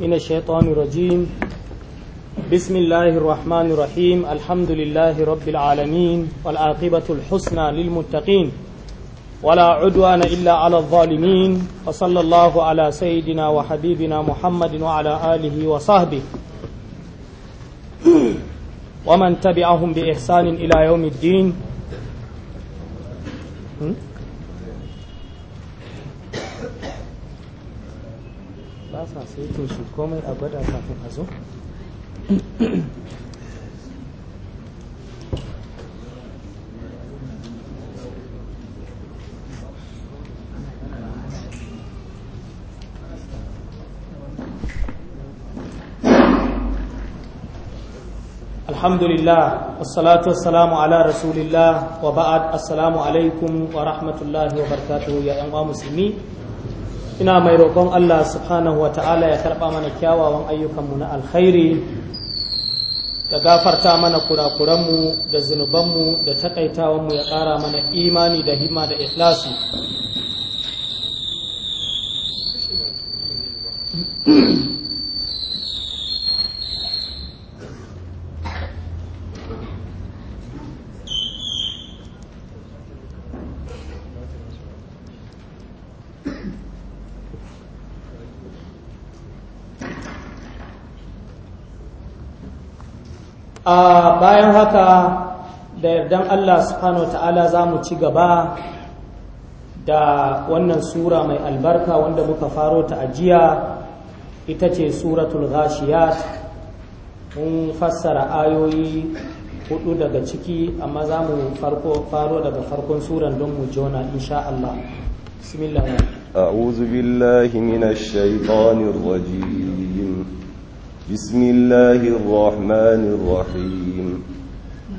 من الشيطان الرجيم بسم الله الرحمن الرحيم الحمد لله رب العالمين والعاقبة الحسنى للمتقين ولا عدوان إلا على الظالمين وصلى الله على سيدنا وحبيبنا محمد وعلى آله وصحبه ومن تبعهم بإحسان إلى يوم الدين sa saitin shi komai a gwada kafin a zo alhamdulillah wassalatu wassalamu ala rasulillah wa ba'ad assalamu alaikum wa rahmatullahi wa barakatuhu ya yan musulmi ina mai roƙon Allah subhanahu wa ta'ala ya karɓa mana kyawawan ayyukanmu na alkhairi da gafarta mana kurakuranmu da zunubanmu da taƙaitawanmu ya ƙara mana imani da himma da ikhlasu a bayan haka da yardan Allah subhanahu wa ta'ala za mu ci gaba da wannan sura mai albarka wanda muka faro ta ajiya ita ce suratul ghashiyat mun fassara ayoyi hudu daga ciki amma za mu faro daga farkon suran don mu jona insha Allah bismillah أعوذ بالله من الشيطان الرجيم بسم الله الرحمن الرحيم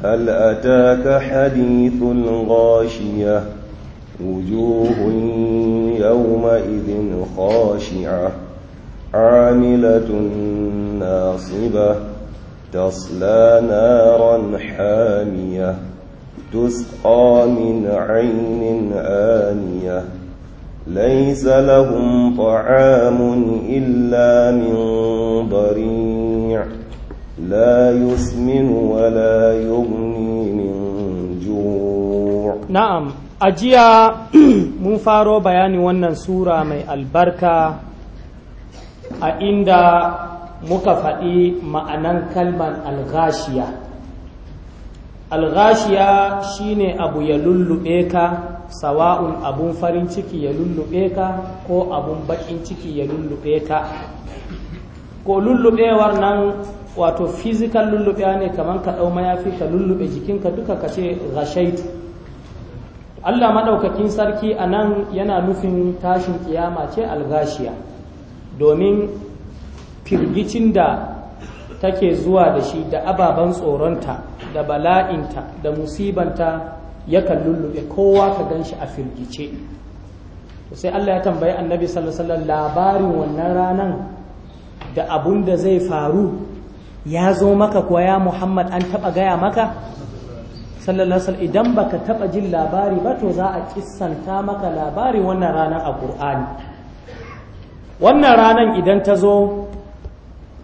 هل أتاك حديث الغاشية وجوه يومئذ خاشعة عاملة ناصبة تصلى نارا حامية تسقى من عين آنيه ليس لهم طعام إلا من ضريع لا يسمن ولا يغني من جوع نعم أجيا مفارو بياني ونن سورة مي البركة عند مكفئي معنى كلمة الغاشية الغاشية شيني أبو يلولو lullube ka sawa'un abun farin ciki ya lullube ka ko abun bakin ciki ya lullube ka ko lullubewar nan wato physical lullubewa ne kamar ka ɗau mayafi ka lullube ka duka ka ce Allah maɗaukakin sarki anan yana nufin tashin kiyama ce algashiya domin firgicin da take zuwa da shi da ababen tsoronta da bala'inta da musibanta yakan lullube kowa ka gan shi a firgice sai Allah ya tambayi annabi sallallahu alaihi labarin wannan ranan da abun da zai faru ya zo maka kuwa ya Muhammad an taba gaya maka sallallahu alaihi idan baka taba jin labari ba to za a kissanta maka labari wannan ranan a Qur'ani wannan ranan idan ta zo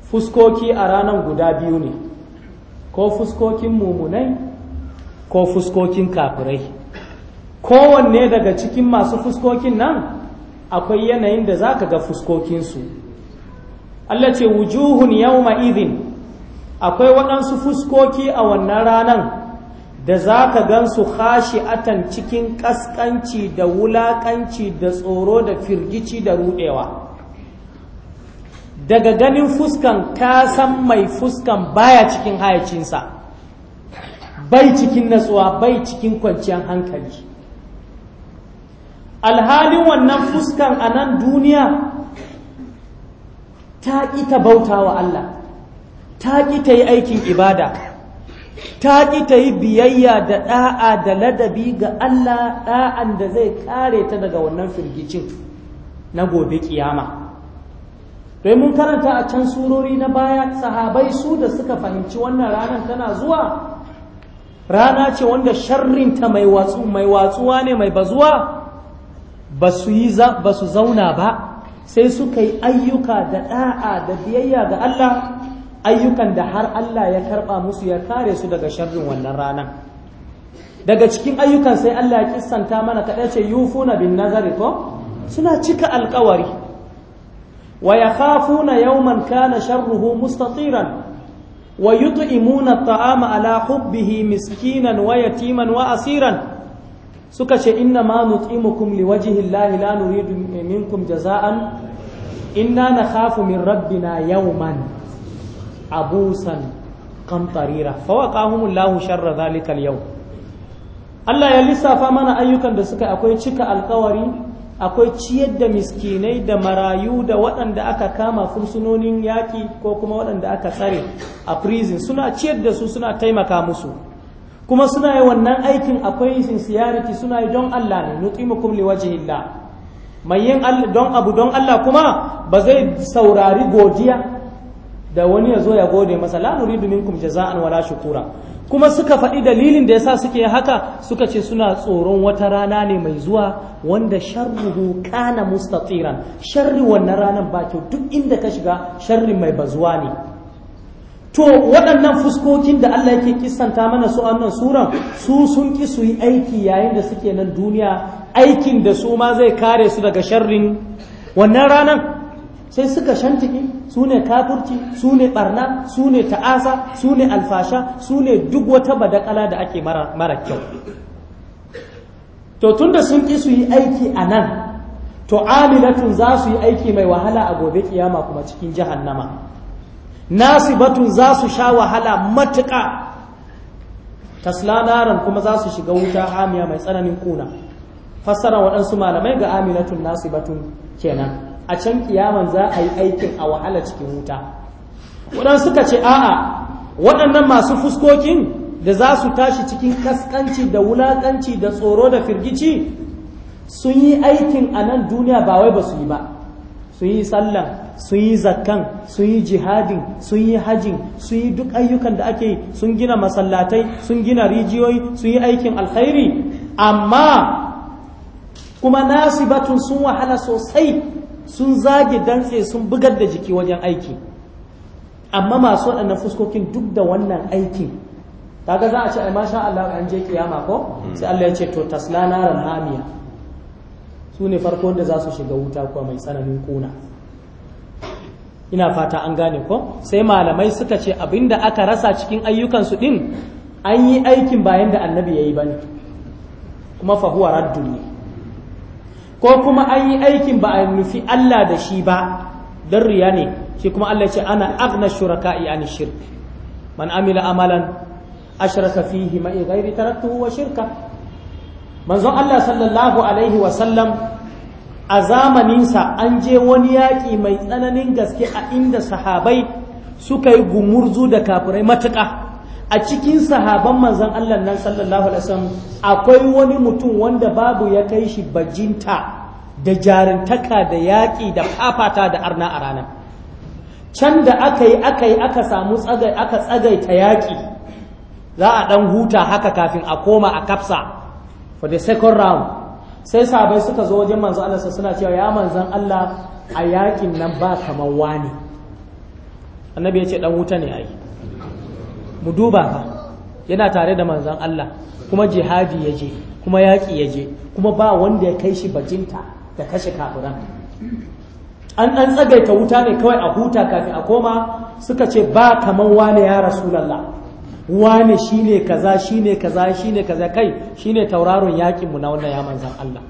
fuskoki a ranan guda biyu ne ko fuskokin mumunai ko fuskokin kafirai kowanne daga cikin masu fuskokin nan akwai yanayin da za ka ga fuskokinsu Allah ce wujuhun yawma izin, akwai waɗansu fuskoki a wannan ranan da za ka hashi atan cikin ƙasƙanci da wulaƙanci da tsoro da firgici da ruɗewa daga ganin fuskan kasan mai fuskan baya cikin hayacinsa bai cikin natsuwa bai cikin kwanciyar hankali alhalin wannan fuskan a nan duniya ta ƙi ta bauta wa Allah ta ƙi ta yi aikin ibada ta ƙi ta yi biyayya da ɗa'a da ladabi ga Allah ɗa'an da zai kare ta daga wannan firgicin na gobe ƙiyama don mun karanta a can surori na baya sahabai su da suka fahimci wannan ranar tana zuwa rana ce wanda sharrinta mai mai watsuwa ne mai bazuwa ba su yi ba su zauna ba sai suka yi ayyuka da ɗa'a da biyayya ga Allah ayyukan da har Allah ya karɓa musu ya kare su daga sharrin wannan rana daga cikin ayyukan sai Allah ya kissanta mana kaɗai ce yufuna bin nazari ko suna cika alkawari wa yakhafuna yawman kana sharruhu mustatiran wa yut'imuna at'ama ala hubbihi miskinan wa wa asiran suka ce inna ma nut'imukum liwajhi llahi la nuridu minkum jaza'an inna nakhafu min rabbina yawman abusan qamtarira fawaqahum llahu sharra dhalika al Allah ya lissafa mana ayyukan da suka akwai cika alkawari akwai ciyar da miskinai da marayu da waɗanda aka kama fursunonin yaƙi ko kuma waɗanda aka tsare a prison suna ciyar da su suna taimaka musu kuma suna yi wannan aikin akwai sincerity suna yi don Allah ne nutimukum liwajhillah mai yin don abu don Allah kuma ba zai saurari godiya da wani ya zo ya gode masa la nuridu minkum jaza'an wala shukura kuma suka faɗi dalilin da yasa suke haka suka ce suna tsoron wata rana ne mai zuwa wanda sharruhu kana mustatiran sharri wannan ranar ba kyau duk inda ka shiga sharri mai bazuwa ne to waɗannan fuskokin da Allah yake kissanta mana su annan suran su sun ki su yi aiki yayin da suke nan duniya aikin da su ma zai kare su daga sharrin wannan ranar sai suka shantiki su ne kafurci su ne barna su ne ta'asa su ne alfasha su ne duk wata badakala da ake mara kyau to tunda sun ƙi su yi aiki a nan to amilatun za su yi aiki mai wahala a gobe kiyama kuma cikin jahannama nasibatun za su sha wahala matuƙa taslanaran kuma za su shiga wuta hamiya mai tsananin kuna fassara waɗansu malamai ga amilatun nasibatun kenan a can kiyaman za a yi aikin a wahala cikin wuta waɗan suka ce a'a waɗannan masu fuskokin da za su tashi cikin kaskanci da wulaƙanci da tsoro da firgici sun yi aikin a nan duniya ba wai ba su yi ba sun yi sallan sun yi zakkan sun yi jihadin sun yi hajin sun yi duk ayyukan da ake sun gina masallatai sun gina rijiyoyi sun yi aikin alkhairi amma kuma nasibatun sun wahala sosai sun zage dantse sun bugar da jiki wajen aiki amma masu waɗannan fuskokin duk da wannan aikin ga za a ce ai masha Allah an je kiyama ko hmm. sai Allah ya ce to tasla naran hamiya su ne farko da za su shiga wuta ko mai tsananin kuna ina fata an gane ko sai malamai suka ce abinda aka rasa cikin ayyukansu din an yi aikin bayan da annabi ya yi ba ne kuma fahuwa ne ko kuma an yi aikin ba a nufi Allah da shi ba don riya ne shi kuma Allah ce ana aghna shuraka'i an shirk man amila amalan ashraka fihi ma ghairi taraktuhu wa shirka manzo Allah sallallahu alaihi wa sallam a zamaninsa an je wani yaƙi mai tsananin gaske a inda sahabai suka yi gumurzu da kafirai matuƙa a cikin sahaban manzan Allah nan sallallahu alaihi wasallam akwai wani mutum wanda babu ya kai shi bajinta da jarintaka da yaƙi da fafata da arna a ranar can da aka yi aka yi aka samu tsagai aka tsagaita yaƙi za a ɗan huta haka kafin a koma a kafsa for the second round sai sabai suka zo wajen manzan Allah suna cewa ya manzan Allah a yaƙin nan ba kamar wani annabi ya ce ɗan huta ne ai mu duba yana tare da manzan Allah kuma jihadi ya je kuma yaƙi ya je kuma ba wanda ya kai shi bajinta da kashe kafiran an ɗan tsagaita wuta ne kawai a huta kafin a koma suka ce ba kaman wane ya rasulallah wane shine kaza shine kaza shine kaza kai shi ne tauraron yakin mu na wannan ya manzan Allah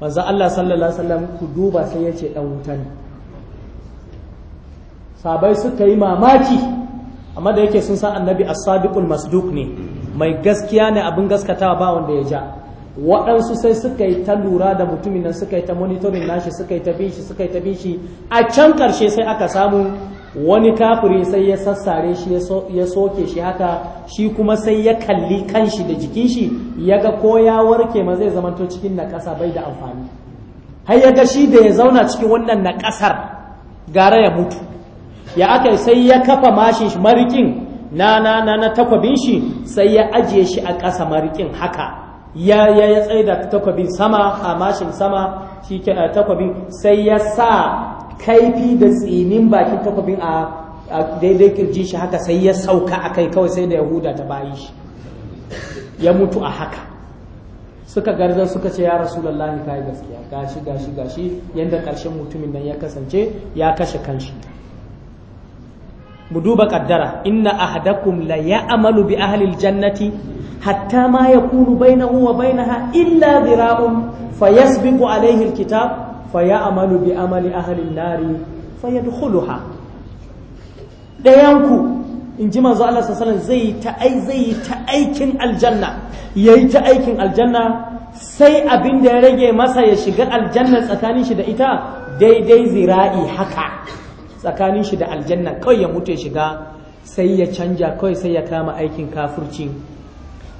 manzan Allah sallallahu alaihi ku duba sai ya ce dan wuta ne sabai suka yi mamaki amma da yake sun sa annabi as-sadiqul masduq ne mai gaskiya ne abin gaskatawa ba wanda ya ja waɗansu sai suka yi ta lura da mutumin nan suka yi ta monitorin nashi suka yi ta bin shi suka yi ta bin shi a can karshe sai aka samu wani kafiri sai ya sassare shi ya soke shi haka shi kuma sai ya kalli kanshi da jikin shi ya ga ko ya warke ma zai zamanto cikin naƙasa bai da amfani har ya ga shi da ya zauna cikin wannan naƙasar gara ya mutu ya aka sai ya kafa mashin marikin na na na na takwabin shi sai ya ajiye shi a ƙasa marikin haka ya ya ya tsaye da takwabin sama a mashin sama shi ke takwabin sai ya sa kaifi da tsinin bakin takwabin a daidai kirji shi haka sai ya sauka a kai kawai sai da yahuda ta bayi shi ya mutu a haka suka garza suka ce ya ka yi gaskiya gashi gashi gashi yadda ƙarshen mutumin nan ya kasance ya kashe kanshi mu duba kaddara inna ahadakum la ya'malu bi ahli aljannati hatta ma yakunu bainahu wa bainaha illa dhira'un fayasbiqu alayhi alkitab fayamalu bi amali ahli an-nari fayadkhuluha dayanku in manzo Allah sallallahu alaihi wasallam zai ta aikin aljanna yayi ta aikin aljanna sai abin da ya rage masa ya shiga aljanna tsakanin shi da ita daidai zira'i haka tsakanin shi da aljanna kawai ya mutu ya shiga sai ya canja kawai sai ya kama aikin kafurci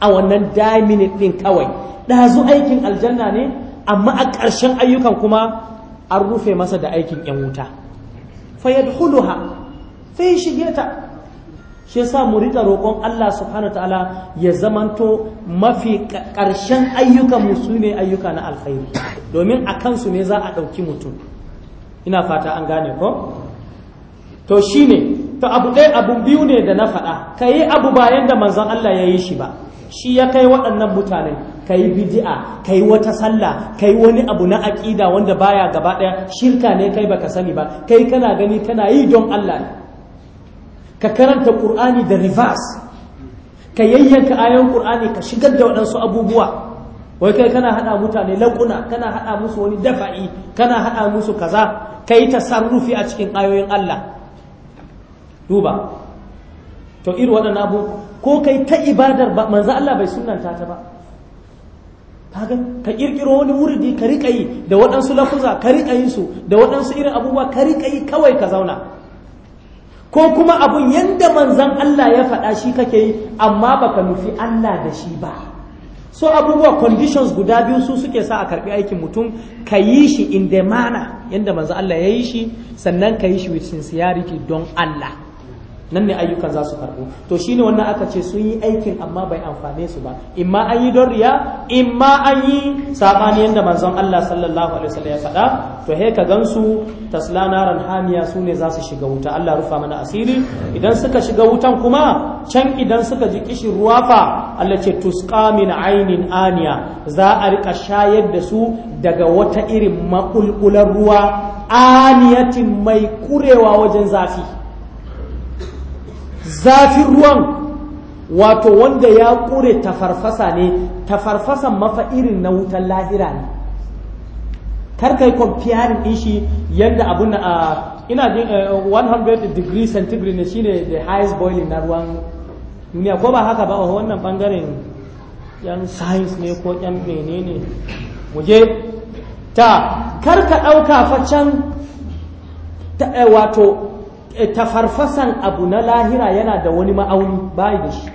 a wannan daminit din kawai ɗazu aikin aljanna ne amma a ƙarshen ayyukan kuma an rufe masa da aikin ‘yan wuta fayadhuluha fai shige ta shi yasa mu rika roƙon Allah subhanahu ta'ala ya zamanto mafi ƙarshen ayyukan mu su ne ayyuka na alkhairi domin a kansu ne za a ɗauki mutum ina fata an gane ko to shi ne, to abu ɗaya abu biyu ne da na faɗa ka yi abu bayan da manzan Allah ya yi shi ba shi ya kai waɗannan mutane, ka yi bidi'a ka yi wata sallah ka yi wani abu na aƙida wanda baya gaba ɗaya shirka ne kai baka sani ba kai kana gani kana yi don Allah ka karanta ƙur'ani da reverse ka yayyanka ayan ƙur'ani ka shigar da waɗansu abubuwa wai kai kana haɗa mutane laƙuna kana haɗa musu wani dafa'i kana haɗa musu kaza Ka yi tasarrufi a cikin ayoyin Allah duba to iri waɗannan abu ko kai ta ibadar ba manza Allah bai sunanta ta ba ka ƙirƙiro wani wuri ka riƙa yi da waɗansu lafuza ka riƙa yin su da waɗansu irin abubuwa ka riƙa yi kawai ka zauna ko kuma abun yanda manzan Allah ya faɗa shi kake yi amma ba ka nufi Allah da shi ba so abubuwa conditions guda biyu su suke sa a karɓi aikin mutum ka yi shi in the manner yanda manzan Allah ya yi shi sannan ka yi shi with sincerity don Allah nan ne ayyukan za su karɓo to shine wannan aka ce sun yi aikin amma bai amfane su ba imma an yi don riya imma an yi saɓani yadda manzon Allah sallallahu alaihi wasallam ya faɗa to he ka gansu tasla naran hamiya su ne za su shiga wuta Allah rufa mana asiri idan suka shiga wutan kuma can idan suka ji kishin ruwa fa Allah ce tusqa min ainin aniya za a rika shayar da su daga wata irin maƙulƙular ruwa aniyatin mai kurewa wajen zafi zafin ruwan wato wanda ya kure tafarfasa ne farfasa mafa irin na wutan lahira ne karkai kwamfiyarin ishi yadda abin a ah, ina jin 100 eh, degree centigrade ne shine the highest boiling na ruwan duniya ko ba haka ba a wannan bangaren yan science ne ko yan ne waje ta karka ɗauka facen eh, wato Eh, tafarfasan abu na lahira yana da wani ma'auni bayi da shi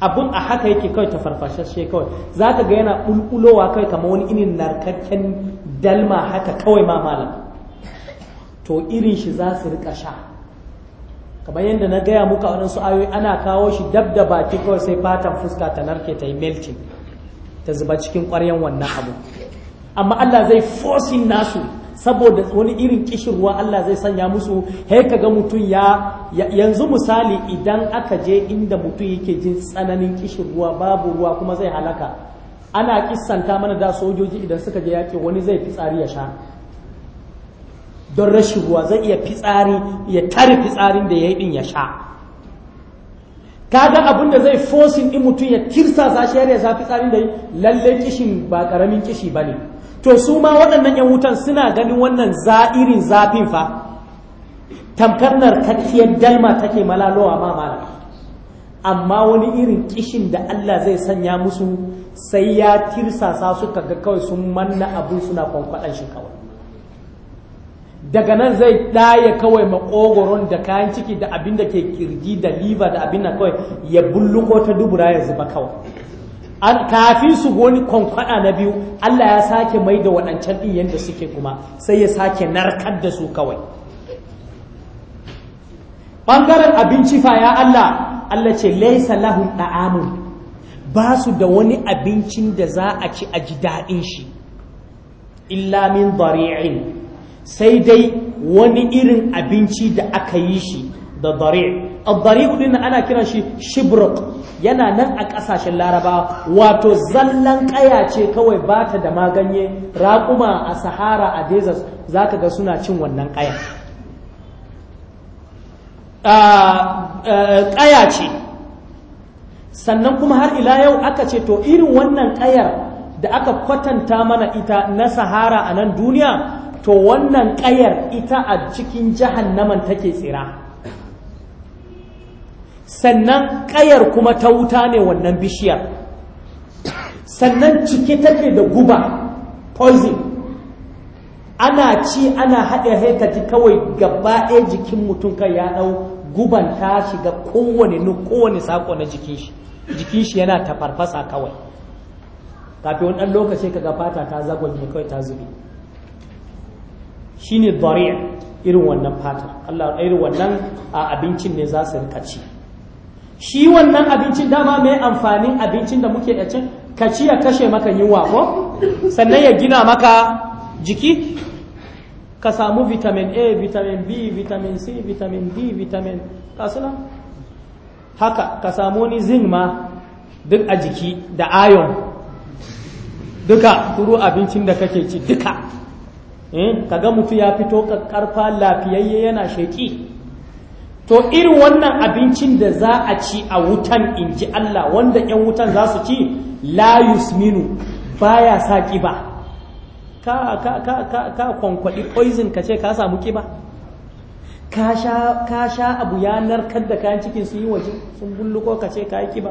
abun a haka yake kawai tafarfashashe kawai za ka ga yana ɓulɓulowa kawai kama wani irin narkakken dalma haka kawai ma malam to irin shi za su rika sha kamar yadda na gaya muka wani su ayoyi ana kawo shi dab da baki kawai sai fatan fuska ta narke ta yi melting ta zuba cikin ƙwaryen wannan abu amma Allah zai fosin nasu saboda wani irin kishirwa Allah zai sanya musu ka ga mutum ya yanzu misali idan aka je inda mutum yake jin tsananin kishirwa babu ruwa kuma zai halaka ana kissanta mana da sojoji idan suka je yaƙi wani zai fitsari ya sha don rashin ruwa zai iya fitsari ya tare fitsarin da ya yi din ya sha kaga abin da zai fosin in mutum ya kirsa za shi ya sa fitsarin da yi lallai kishin ba karamin kishi ba ne to su ma waɗannan yan wutan suna ganin wannan za'irin zafin fa tamkar narkakkiyar dalma take malalowa ma malam amma wani irin kishin da Allah zai sanya musu sai ya tirsasa suka ga kawai sun manna abu suna kwankwaɗan shi kawai daga nan zai ɗaya kawai makogoron da kayan ciki da abin da ke kirji da liver da abin da kawai ya bulluko ta dubura ya zuba kawai an kafin su goni kwankwada na biyu Allah ya sake mai da waɗancan ɗin yadda suke kuma sai ya sake narkar da su kawai ɓangaren abinci fa ya Allah Allah ce laisa lahun ɗa'amun ba su da wani abincin da za a ci a ji daɗin shi illa min dari'in sai dai wani irin abinci da aka yi shi da dari'in addariq din ana kiran shi shibruk yana nan a ƙasashen laraba wato zallan ƙaya ce kawai ba ta da maganye raƙuma a sahara a desert za ga suna cin wannan ƙaya ƙaya ce sannan kuma har ila yau aka ce to irin wannan ƙayar da aka kwatanta mana ita na sahara a nan duniya to wannan ƙayar ita a cikin jahannaman take tsira sannan ƙayar kuma ta wuta ne wannan bishiyar sannan cike take da guba poison ana ci ana haɗe haikaci kawai gaba ɗaya jikin mutum kai ya ɗau guban ta shiga kowane kowane sako na jikin shi jikin shi yana tafarfasa kawai kafin wani ɗan lokaci ga fata ta ne kawai ta zube shine dariya irin wannan fata Allah irin wannan abincin ne za su rika ci shi wannan abincin dama mai amfanin abincin da muke da cin ka ci ya kashe maka yunwa ko sannan ya gina maka jiki ka samu vitamin a vitamin b vitamin c vitamin d vitamin kasuna haka ka samu ni zing ma duk a jiki da ayon. duka turu abincin da kake ci duka eh, ka ga mutu ya fito karfa lafiyayye yana sheki to irin wannan abincin da za a ci a wutan in ji Allah wanda 'yan wutan za su ci la yusminu baya sa ƙiba ka ka ka ka ka kwankwaɗi poison ka ce ka samu ƙiba ka sha ka sha abu ya narkar da kayan cikin su yi waje sun bulluko ka ce ka yi ƙiba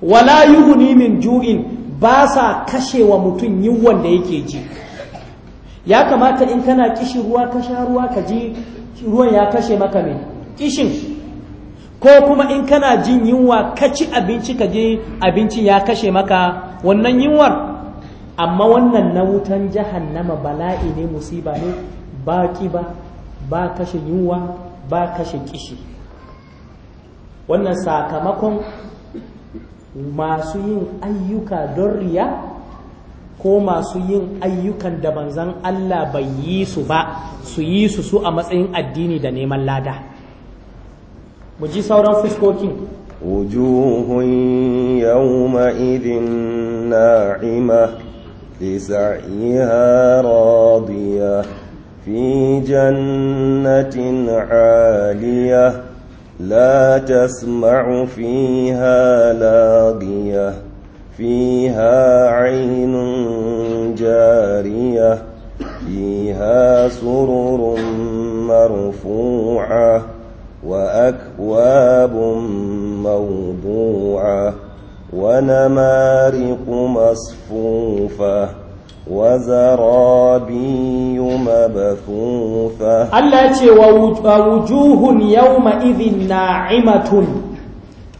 wala yuhuni min ju'in ba sa kashewa mutum yin wanda yake ji ya kamata in kana kishi ruwa ka sha ruwa ka ji ruwan ya kashe maka mai kishin ko kuma in kana jin yunwa ka ci abinci ka je abincin ya kashe maka wannan yunwar amma wannan na wutan jahannama bala'i ne musiba ne ba ba ba kashe yunwa ba kashe kishi wannan sakamakon masu yin ayyuka don riya ko masu yin ayyukan da manzan Allah bai yi su ba su yi su su a matsayin addini da neman lada mu ji sauran fuskokin wujuhun yawma idin na'ima لسعيها راضية في جنة عالية لا تسمع فيها لاغية فيها عين جارية فيها سرر مرفوعة وأكواب موضوعة ونمارق مصفوفة وزرابي مبثوثة التي ووجوه يومئذ ناعمة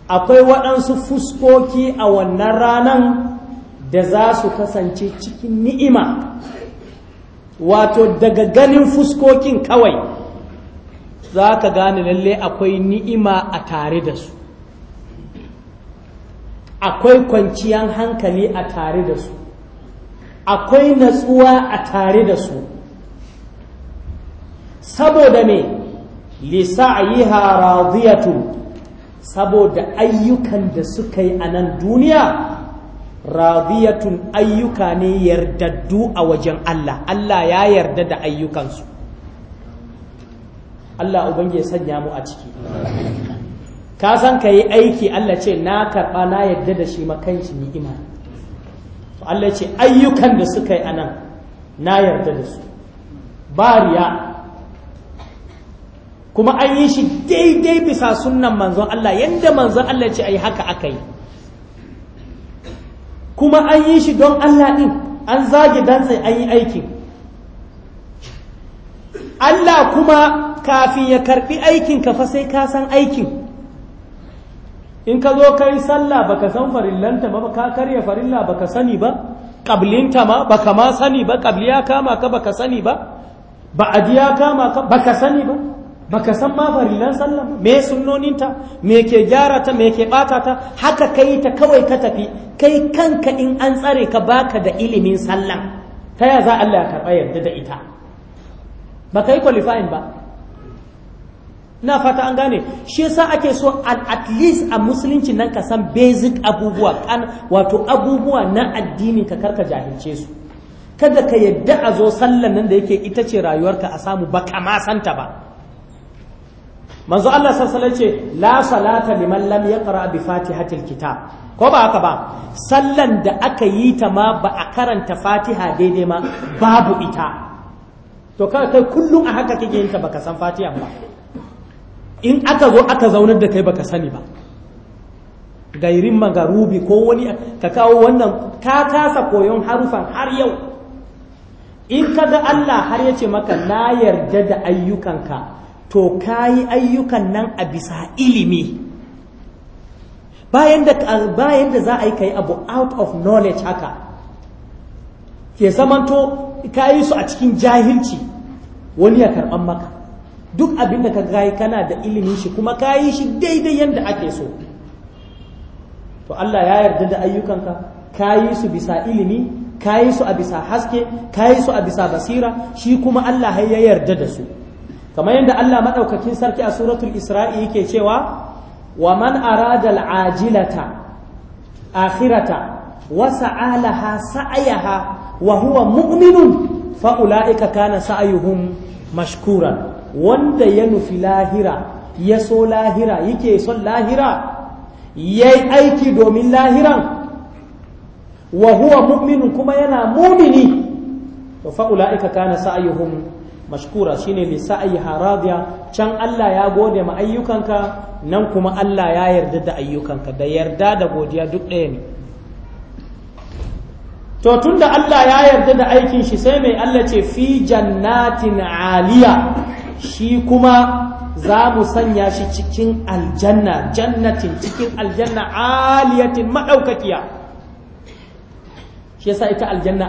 akwai waɗansu fuskoki a wannan ranan da za su kasance cikin ni'ima wato daga ganin fuskokin kawai za ka gane lalle akwai ni'ima a tare da su akwai kwanciyan hankali a tare da su akwai natsuwa a tare da su saboda me lisa yi radiyatun saboda ayyukan da suka yi anan nan duniya radiyatun ayyuka ne yardaddu a wajen Allah Allah ya yarda da ayyukansu Allah ubangiya sanya mu a ciki ka san ka yi aiki Allah ce na karɓa na yarda da shi makanci ni'ima to Allah ce ayyukan da suka yi a na yarda da su Bariya. kuma an yi shi daidai bisa sunan manzon Allah yadda manzon Allah ce a yi haka aka yi kuma an yi shi don Allah ɗin an zage dantse an yi aikin Allah kuma kafin ya karɓi aikin ka fa sai ka san aikin in ka zo kai sallah baka san farillanta ba ka karya farilla baka sani ba ƙablinta ma baka ma sani ba kabli kama ka baka sani ba ba'adi ya kama ka baka sani ba baka san ma farilan sallan me sunnoninta me ke gyara ta me ke bata ta haka kai ta kawai ka tafi kai kanka in an tsare ka baka da ilimin sallan ta ya za Allah ya karɓa yarda da ita baka yi qualifying ba na fata an gane shi yasa ake so at least a musulunci nan ka san basic abubuwa kan wato abubuwa na addini ka karka jahilce su kada ka yadda a zo sallan nan da yake ita ce rayuwarka a samu baka ma santa ba manzo Allah sassale ce la salata liman lam yaqra bi fatihatil kitab ko ba haka ba sallan da aka yi ta ma ba a karanta fatiha daidai ma babu ita to kai kullum a haka kike yin ta baka san fatiha ba in aka zo aka zaunar da kai baka sani ba gairin magarubi ko wani ka kawo wannan ka kasa koyon harufan har yau in ka ga Allah har ya ce maka na yarda da ayyukanka to ka yi ayyukan nan a bisa ilimi bayan da za a yi ka yi abu out of knowledge haka ke zamanto ka yi su a cikin jahilci wani ya karɓan maka duk abin da ka gayi kana da ilimin shi kuma ka yi shi daidai yadda ake so to Allah ya yarda da ayyukanka ka yi su bisa ilimi ka yi su a bisa haske ka yi su a bisa basira shi kuma Allah ya yarda da su kamar yadda Allah madaukakin sarki a suratul Isra'i yake cewa wa man arada al'ajilata akhirata wa sa'alaha sa'ayaha wa huwa mu'minun fa ulaika kana sa'ayuhum mashkura wanda ya nufi lahira ya so lahira yake son lahira yayi aiki domin lahiran wa huwa mu'minun kuma yana mumini to fa ulaika kana mashkura shine li sa'iha radiya can Allah ya gode ma ayyukanka nan kuma Allah ya yarda da ayyukanka da yarda da godiya duk ɗaya ne to tunda Allah ya yarda da aikin shi sai mai Allah ce fi jannatin aliya shi kuma za mu sanya shi cikin aljanna jannatin cikin aljanna aliyatin maɗaukakiya. shi yasa ita aljanna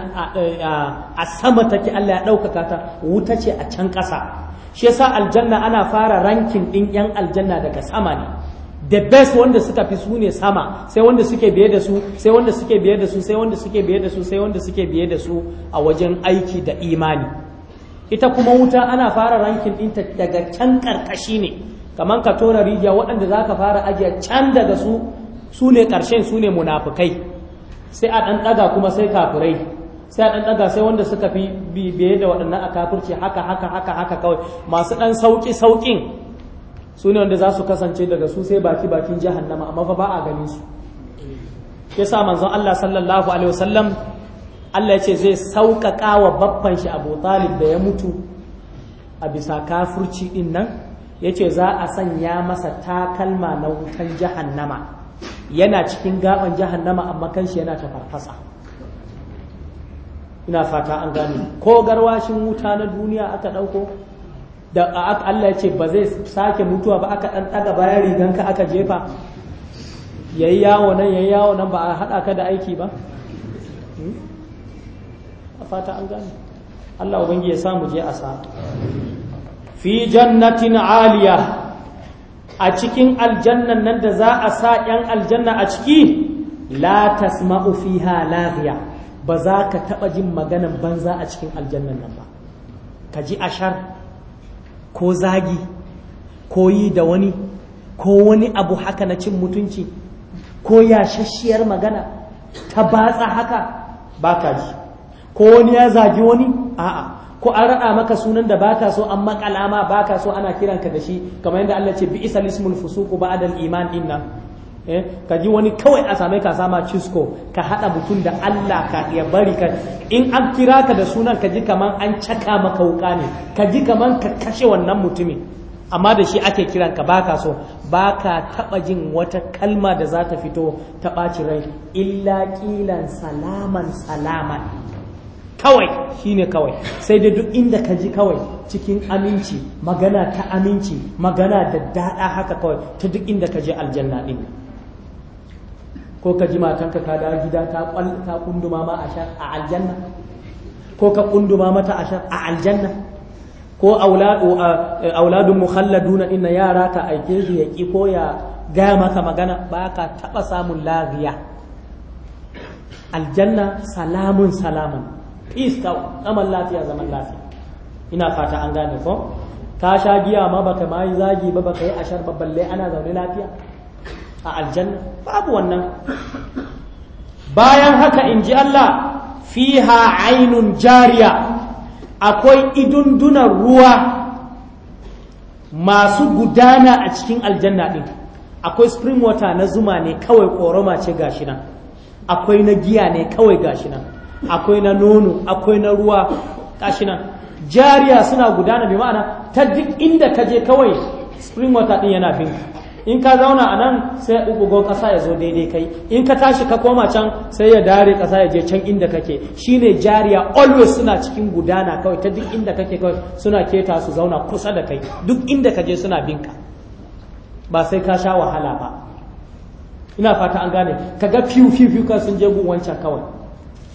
a sama take Allah ya ɗaukaka ta wuta ce a can ƙasa shi yasa aljanna ana fara rankin ɗin 'yan aljanna daga sama ne the best wanda suka fi su ne sama sai wanda suke biye da su sai wanda suke biye da su sai wanda suke biye da su sai wanda suke biye da su a wajen aiki da imani ita kuma wuta ana fara rankin ɗinta daga can ƙarƙashi ne kamar ka tona rijiya waɗanda za ka fara ajiya can daga su su ne ƙarshen su munafukai sai a ɗan ɗaga kuma sai kafirai sai a ɗan ɗaga sai wanda suka fi bibiye da waɗannan a kafirci haka haka haka haka kawai masu ɗan sauƙi sauƙin su ne wanda za su kasance daga su sai baki bakin jahannama amma fa ba a ganin su sa manzon Allah sallallahu alaihi wasallam Allah ya ce zai sauƙaƙa wa babban shi Abu Talib da ya mutu a bisa kafirci din nan yace za a sanya masa takalma na wutan jahannama yana cikin gaban jahannama amma kanshi yana ta ina fata an gane ko garwashin wuta na duniya aka ɗauko da Allah ya ce ba zai sake mutuwa ba aka dan daga bayan ka aka jefa yayi yawo nan yayi yawo nan ba a haɗa ka da aiki ba hmm? a fata an gane Allah ubangi ya samu je a sa fi jannatin Aliyah. a cikin aljannan nan da za a sa 'yan aljanna a ciki la tasma'u fiha lafiya ba za ka taɓa jin maganan banza a cikin aljannan nan ba ka ji ashar ko zagi ko yi da wani ko wani abu haka na cin mutunci ko yashashiyar magana ta batsa haka ba ka ji ko wani ya zagi wani a'a ko an raɗa maka sunan da baka so an kalama baka so ana kiranka da shi kamar yadda Allah ce bi isa lismul fusuku ba'da al-iman inna. eh ka ji wani kawai a same ka sama cisko ka hada mutum da Allah ka ya bari ka in an kira ka da sunan ka ji kaman an caka maka wuka ne ka ji kaman ka kashe wannan mutumin amma da shi ake kiran ka baka so baka taba jin wata kalma da za ta fito ta ɓaci rai illa ƙilan salaman salaman kawai shine kawai sai dai duk inda ka ji kawai cikin aminci magana ta aminci magana da daɗa haka kawai ta duk inda ka ji aljanna ɗin ko ka ji matanka ka dawo gida ta kunduma ma a aljanna ko ka kunduma mata a aljanna ko eh, auladun mukhalladuna na yara ka aike su ya ki ko ya gaya maka magana ba ka taɓa samun lafiya aljanna salamun salamun East, ta zaman lafiya zaman lafiya ina fata an gane ko ka sha giya ma baka ma yi zagi ba baka yi ashar babban lai ana zaune lafiya a aljanna babu wannan bayan haka in ji Allah fiha ainun jariya akwai idundunan ruwa masu gudana a cikin aljanna ɗin akwai spring water na zuma ne kawai ƙorama ce gashi nan akwai na giya ne kawai gashi nan akwai na nono akwai na ruwa kashinan jariya suna gudana bi ma'ana ta duk inda ka je kawai spring water din yana bin in ka zauna a nan sai ugugon ƙasa ya zo daidai kai in ka tashi ka koma can sai ya dare kasa ya je can inda kake shine jariya always suna cikin gudana kawai ta duk inda kake kawai suna keta su zauna kusa da kai duk inda ka je suna bin ka ba sai ka sha wahala ba ina fata an gane kaga fiu fiu fiu kan sun je gun wancan kawai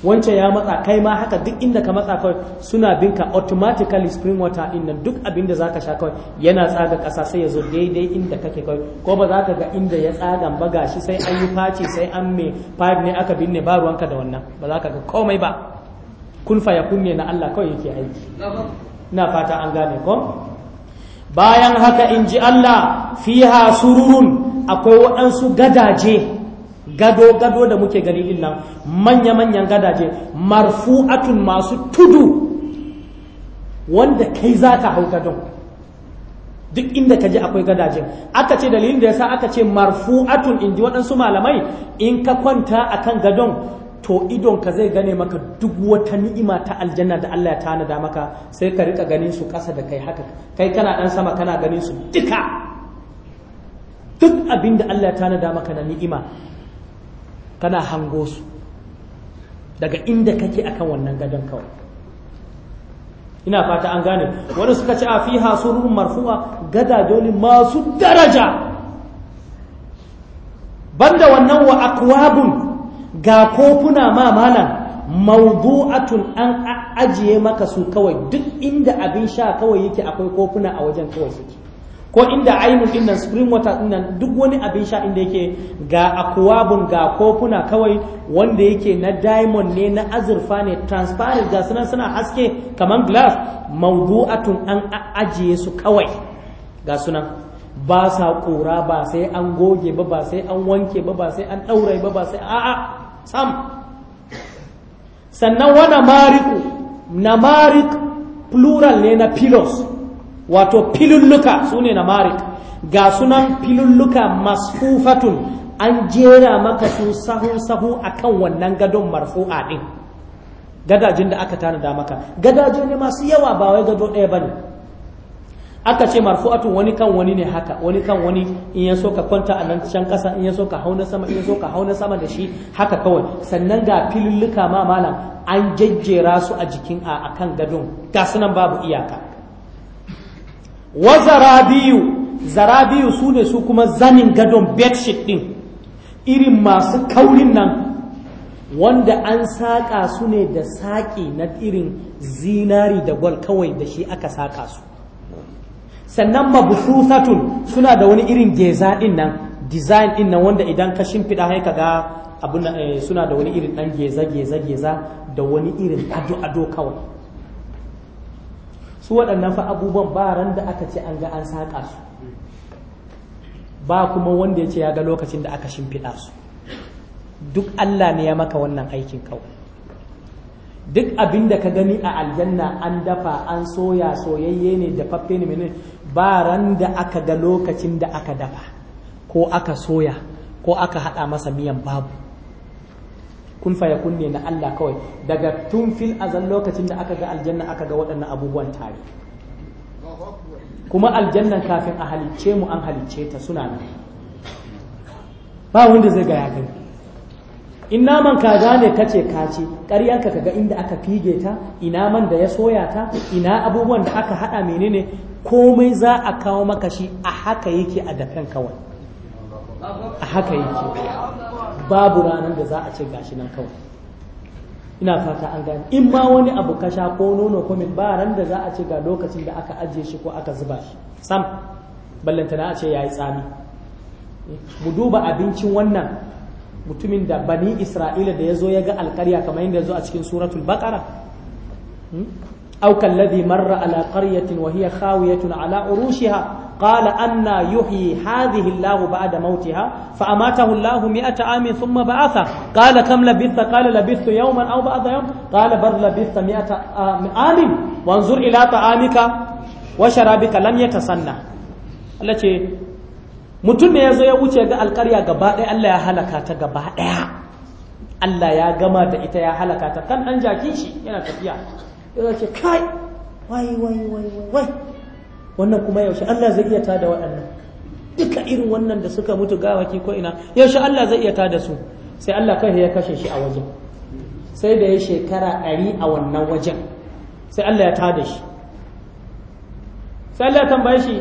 wancan ya matsa kai ma haka duk inda ka matsa kawai suna binka automatically spring water in nan duk abin da zaka sha kawai yana tsaga ƙasa sai ya zo daidai inda kake kawai ko ba za ka ga inda ya tsaga ba gashi sai an yi face sai an me fari ne aka binne ba ruwanka da wannan ba za ka ga komai ba kun ya yakun na Allah kawai yake aiki ina fata an gane ko bayan haka in ji Allah fiha sururun akwai waɗansu gadaje gado gado da muke gani din nan manya manyan gadaje marfu'atun masu tudu wanda kai za ka hau gadon duk inda ka ji akwai gadaje aka ce dalilin da yasa aka ce marfu'atun inji waɗansu malamai in ka kwanta a kan gadon to idon ka zai gane maka duk wata ni'ima ta aljanna da Allah ya tanada maka sai ka rika ganin su ƙasa da kai haka kai kana ɗan sama kana ganin su duka duk abin da Allah ya tanada maka na ni'ima kana hango su daga inda kake akan wannan gadon kawai ina fata an gane wani suka ce a fiha sururun marfuwa gada dole masu daraja banda wannan wa akwabun ga kofuna ma malam mawdu'atun an ajiye maka su kawai duk inda abin sha kawai yake akwai kofuna a wajen kawai suke ko inda ainihin inda nan spring water duk wani abin sha inda yake ga akwabun ga kofuna kawai wanda yake na diamond ne na azurfa ne transparent ga sunan suna haske kamar glass mawdu'atun an ajiye su kawai ga sunan ba sa kura ba sai an goge ba ba sai an wanke ba ba sai an ɗaurai ba ba sai a'a sam sannan wana mariku na plural ne na pilos wato filulluka su ne na marik ga sunan filulluka masfufatun an jera maka su sahu-sahu a kan wannan gadon marfu'a ɗin gadajin da aka tanada maka gadaje ne masu yawa ba wai gado ɗaya ba ne aka ce marfu'atun wani kan wani ne haka wani kan wani in ya so ka kwanta a nan can ƙasa in ya so ka hauna sama in ya so ka hauna sama da shi haka kawai sannan ga filulluka ma malam an jejjera su a jikin a kan gadon ga sunan babu iyaka wa zarabiyu zarabiyu su ne su kuma zanin gadon bedsheet din. irin masu kaurin nan wanda an saƙa su ne da saƙi na irin zinari da gwal kawai da shi aka saƙa su sannan mabututhatun suna da wani irin geza din nan design din nan wanda idan ka shimfiɗa haika ga eh, suna da wani irin ɗan geza geza geza da wani irin ado ado kawai su waɗannan fa abubuwan ba ran da aka ce an ga an saƙa su ba kuma wanda ya ce ya ga lokacin da aka shimfiɗa su duk Allah ne ya maka wannan aikin kawai duk abin da ka gani a aljanna an dafa an soya soyayye ne dafaffen ne menene ba ran da aka ga lokacin da aka dafa ko aka soya ko aka haɗa masa miyan babu kun faya kun ne na Allah kawai daga tun fil azal lokacin da aka ga aljanna aka ga waɗannan abubuwan tare kuma aljannan kafin a halicce mu an halicce ta suna nan ba wanda zai ga ya gani ina man kaza ne kace kace ƙaryanka ga inda aka fige ta ina man da ya soya ta ina abubuwan da aka haɗa menene komai za a kawo maka shi a haka yake a dafen kawai a haka yake babu ranar da za a ce gashi nan kawai ina fata an gani in ma wani abu ka sha ko nono ko min ba ran da za a ce ga lokacin da aka ajiye shi ko aka zuba shi sam na a ce yayi tsami mu duba abincin wannan mutumin da bani isra'ila da ya zo ya ga alkarya kamar yadda ya zo a cikin suratul baqara hmm? au kalladhi marra ala qaryatin wa hiya khawiyatun ala urushiha قال أن يحيي هذه الله بعد موتها فأماته الله مئة عام ثم بعثه قال كم لبثت قال لبثت يوما أو بعض يوم قال بل لبثت مئة عام وانظر إلى طعامك وشرابك لم يتسنى Allah ce mutum ne ya zo ya wuce ga alkarya gaba ɗaya Allah ya halaka ta gaba ɗaya Allah ya gama da ita ya halaka ta kan ɗan jakin shi yana tafiya ya ce kai wai wai wai wai wannan kuma yaushe Allah zai iya tada waɗannan duka irin wannan da suka mutu gawaki ko ina yaushe Allah zai iya tada su sai Allah kai ya kashe shi a wajen sai da ya shekara ɗari a wannan wajen sai Allah ya tada shi sai Allah ya tambaye shi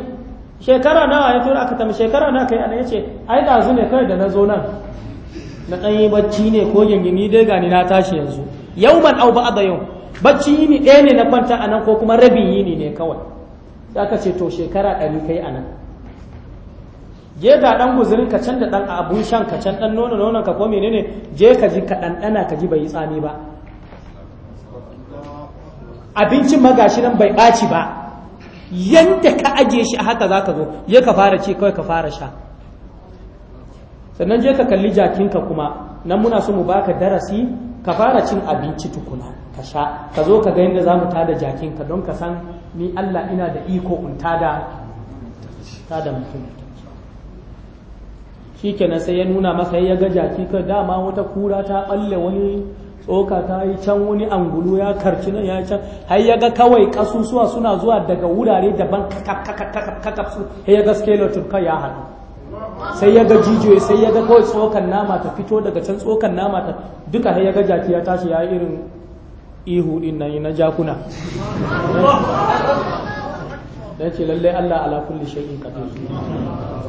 shekara nawa ya tura aka tambaye shekara nawa kai ana yace ai dazu ne kai da na zo nan na ɗan yi bacci ne ko gingini dai gani na tashi yanzu yauman au ba'da yau bacci yini ɗaya ne na kwanta a nan ko kuma rabin yini ne kawai sai aka ce to shekara ɗari kai a nan je ga ɗan guzurin ka can da ɗan abun shan ka can ɗan nono nonon ka ko menene je ka ji ka ɗanɗana ka ji bai yi tsami ba abincin magashi nan bai ɓaci ba yadda ka ajiye shi a haka za ka zo je ka fara ci kawai ka fara sha sannan je ka kalli jakinka kuma nan muna so mu baka darasi ka fara cin abinci tukuna ka sha ka zo ka ga yadda za mu tada jakinka don ka san ni Allah ina da iko in tada tada mutum shikenan sai ya nuna masa ya ga jaki ka dama wata kura ta balle wani tsoka ta yi can wani angulu ya karci nan ya can har ya ga kawai kasusuwa suna zuwa daga wurare daban kakap su ya ga skeleton kai ya haɗu sai ya ga jijiyoyi sai ya ga kawai tsokan nama ta fito daga can tsokan nama ta duka sai ya ga jaki ya tashi ya irin ihu din nan na jakuna da ce lalle Allah ala kulli shay'in qadir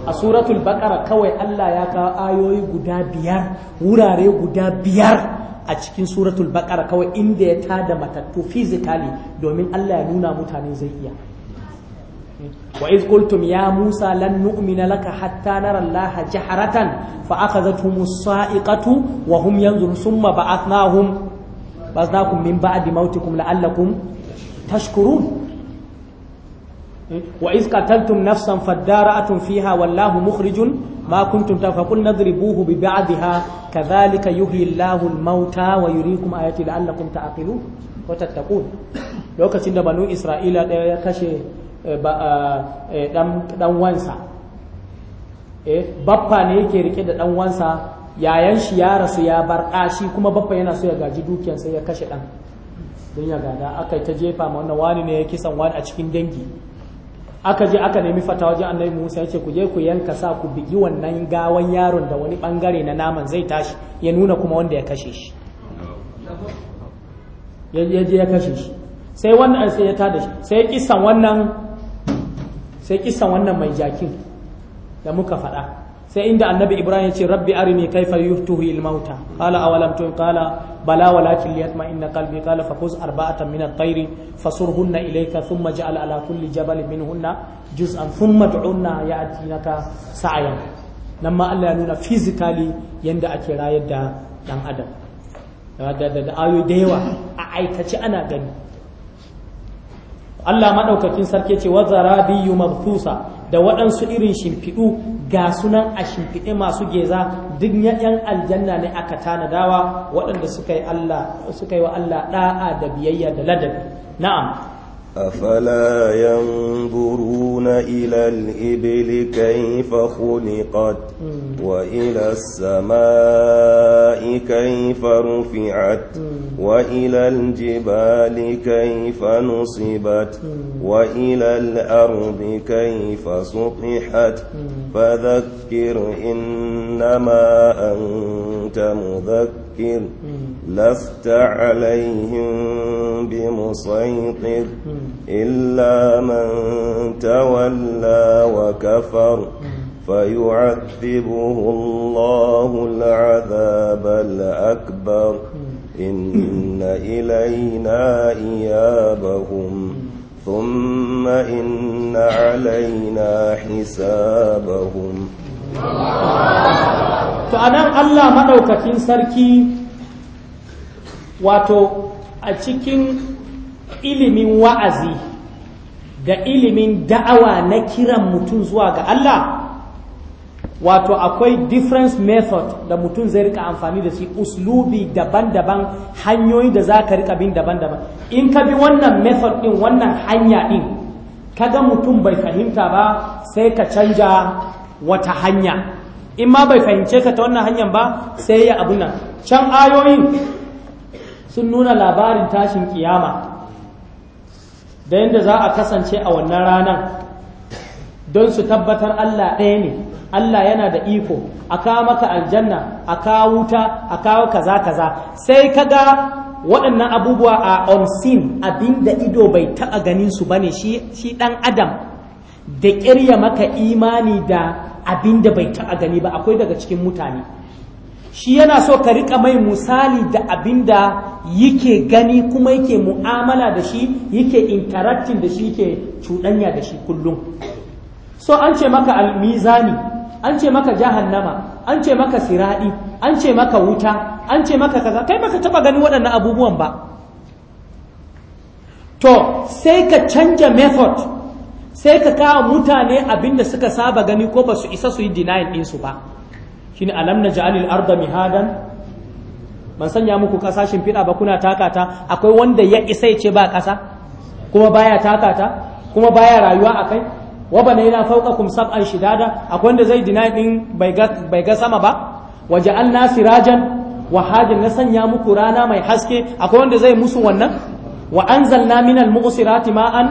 a suratul baqara kawai Allah ya kawo ayoyi guda biyar wurare guda biyar a cikin suratul baqara kawai inda ya tada matattu physically domin Allah ya nuna mutane zai iya wa iz qultum ya musa lan nu'mina laka hatta nara allaha jaharatan fa akhadhatuhum as-sa'iqatu wa hum yanzurun thumma ba'athnahum basnakum min ba'di mautikum la'allakum tashkurun wa iz qataltum nafsan fadara'atun fiha wallahu mukhrijun ma kuntum tafaqul nadribuhu bi ba'dha kadhalika yuhyi Allahu al-mauta wa yuriikum ayati la'allakum ta'qilun wa tattaqun lokacin da banu Isra'ila daya ya kashe dan wansa eh baffa ne yake rike da dan wansa yayan shi ya rasu ya bar ɗashi kuma bafa yana so ya gaji dukiyar sai ya kashe ɗan don ya gada aka ta jefa ma wannan wani ne ya kisan wani a cikin dangi aka je aka nemi fata wajen annabi musa ya ce ku je ku yanka sa ku bigi wannan gawan yaron da wani bangare na naman zai tashi ya nuna kuma wanda ya kashe shi ya je ya kashe shi sai wannan sai ya tada shi sai kisan wannan sai kisan wannan mai jakin da muka faɗa sai inda annabi ibrahim ya ce rabbi arini kaifa yuftuhu il mauta qala awalam tu qala bala walakin liyatma inna qalbi qala fakuz arba'atan min at-tayr fasurhunna ilayka thumma ja'al ala kulli jabalin minhunna juz'an thumma du'unna ya'tinaka sa'yan nan ma Allah ya nuna physically yanda ake rayar da dan adam da ayoyi da yawa a aikace ana gani Allah maɗaukakin sarki ce wazara biyu mabtusa da waɗansu irin shimfiɗu ga sunan a shimfiɗe masu geza duk yan aljanna ne aka tanadawa waɗanda suka yi wa Allah ɗa'a da biyayya da ladabi na'am أفلا ينظرون إلى الإبل كيف خلقت وإلى السماء كيف رفعت وإلى الجبال كيف نصبت وإلى الأرض كيف سطحت فذكر إنما أنت مذكر فذكر لست عليهم بمسيطر إلا من تولى وكفر فيعذبه الله العذاب الأكبر إن إلينا إيابهم ثم إن علينا حسابهم to a nan Allah maɗaukakin sarki wato a cikin ilimin wa'azi da ilimin da'awa na kiran mutum zuwa ga Allah wato akwai difference method da mutum zai rika amfani da shi uslubi daban-daban hanyoyi da za ka rika bin daban-daban in ka bi wannan method din wannan hanya din kaga mutum bai fahimta ba sai ka canja wata hanya in ma bai fahimce ka ta wannan hanyar ba sai ya abu nan can ayoyin sun nuna labarin tashin kiyama da yadda za a kasance a wannan ranar don su tabbatar Allah ɗaya ne Allah yana da iko a kawo maka aljanna a kawo wuta a kawo kaza kaza sai ka ga waɗannan abubuwa a on scene abinda ido bai taɓa ganin su ne shi ɗan adam da kirya maka imani da abin da bai taɓa gani ba akwai daga cikin mutane shi yana so ka riƙa mai misali da abin da yake gani kuma yake mu'amala da shi yake interacting da shi yake cuɗanya da shi kullum so an ce maka almizani an ce maka jahannama an ce maka siraɗi an ce maka wuta an ce maka kaza kai maka taɓa gani waɗannan abubuwan ba to sai ka canja method sai ka kawo mutane abinda suka saba gani ko ba su isa su yi din ɗinsu ba shine alam na ja'alil arda mihadan ban sanya muku kasa fiɗa ba kuna takata akwai wanda ya isa ya ce ba kasa kuma baya takata kuma baya rayuwa akai wa banayna fawqakum sab'an shidada akwai wanda zai denial din bai ga sama ba waja'alna sirajan wahajin na sanya muku rana mai haske akwai wanda zai musu wannan wa anzalna minal mu'sirati ma'an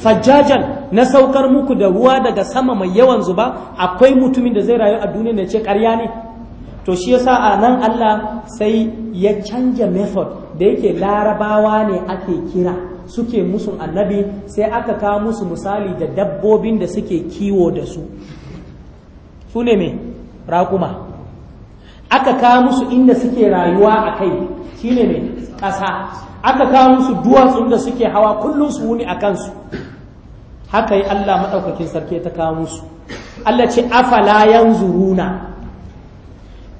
fajjajan na saukar muku da ruwa daga sama mai yawan zuba akwai mutumin da zai rayu a duniya da ce ƙarya ne to shi yasa a nan Allah sai ya canja method da yake larabawa ne ake kira suke musu annabi sai aka kawo musu misali da dabbobin da suke kiwo da su su ne me raƙuma aka kawo musu inda suke rayuwa a kai shi ne me ƙasa aka kawo musu duwatsun da suke hawa kullum su wuni a kansu haka yi Allah maɗaukakin sarki ta kawo musu Allah ce afala yan zuruna,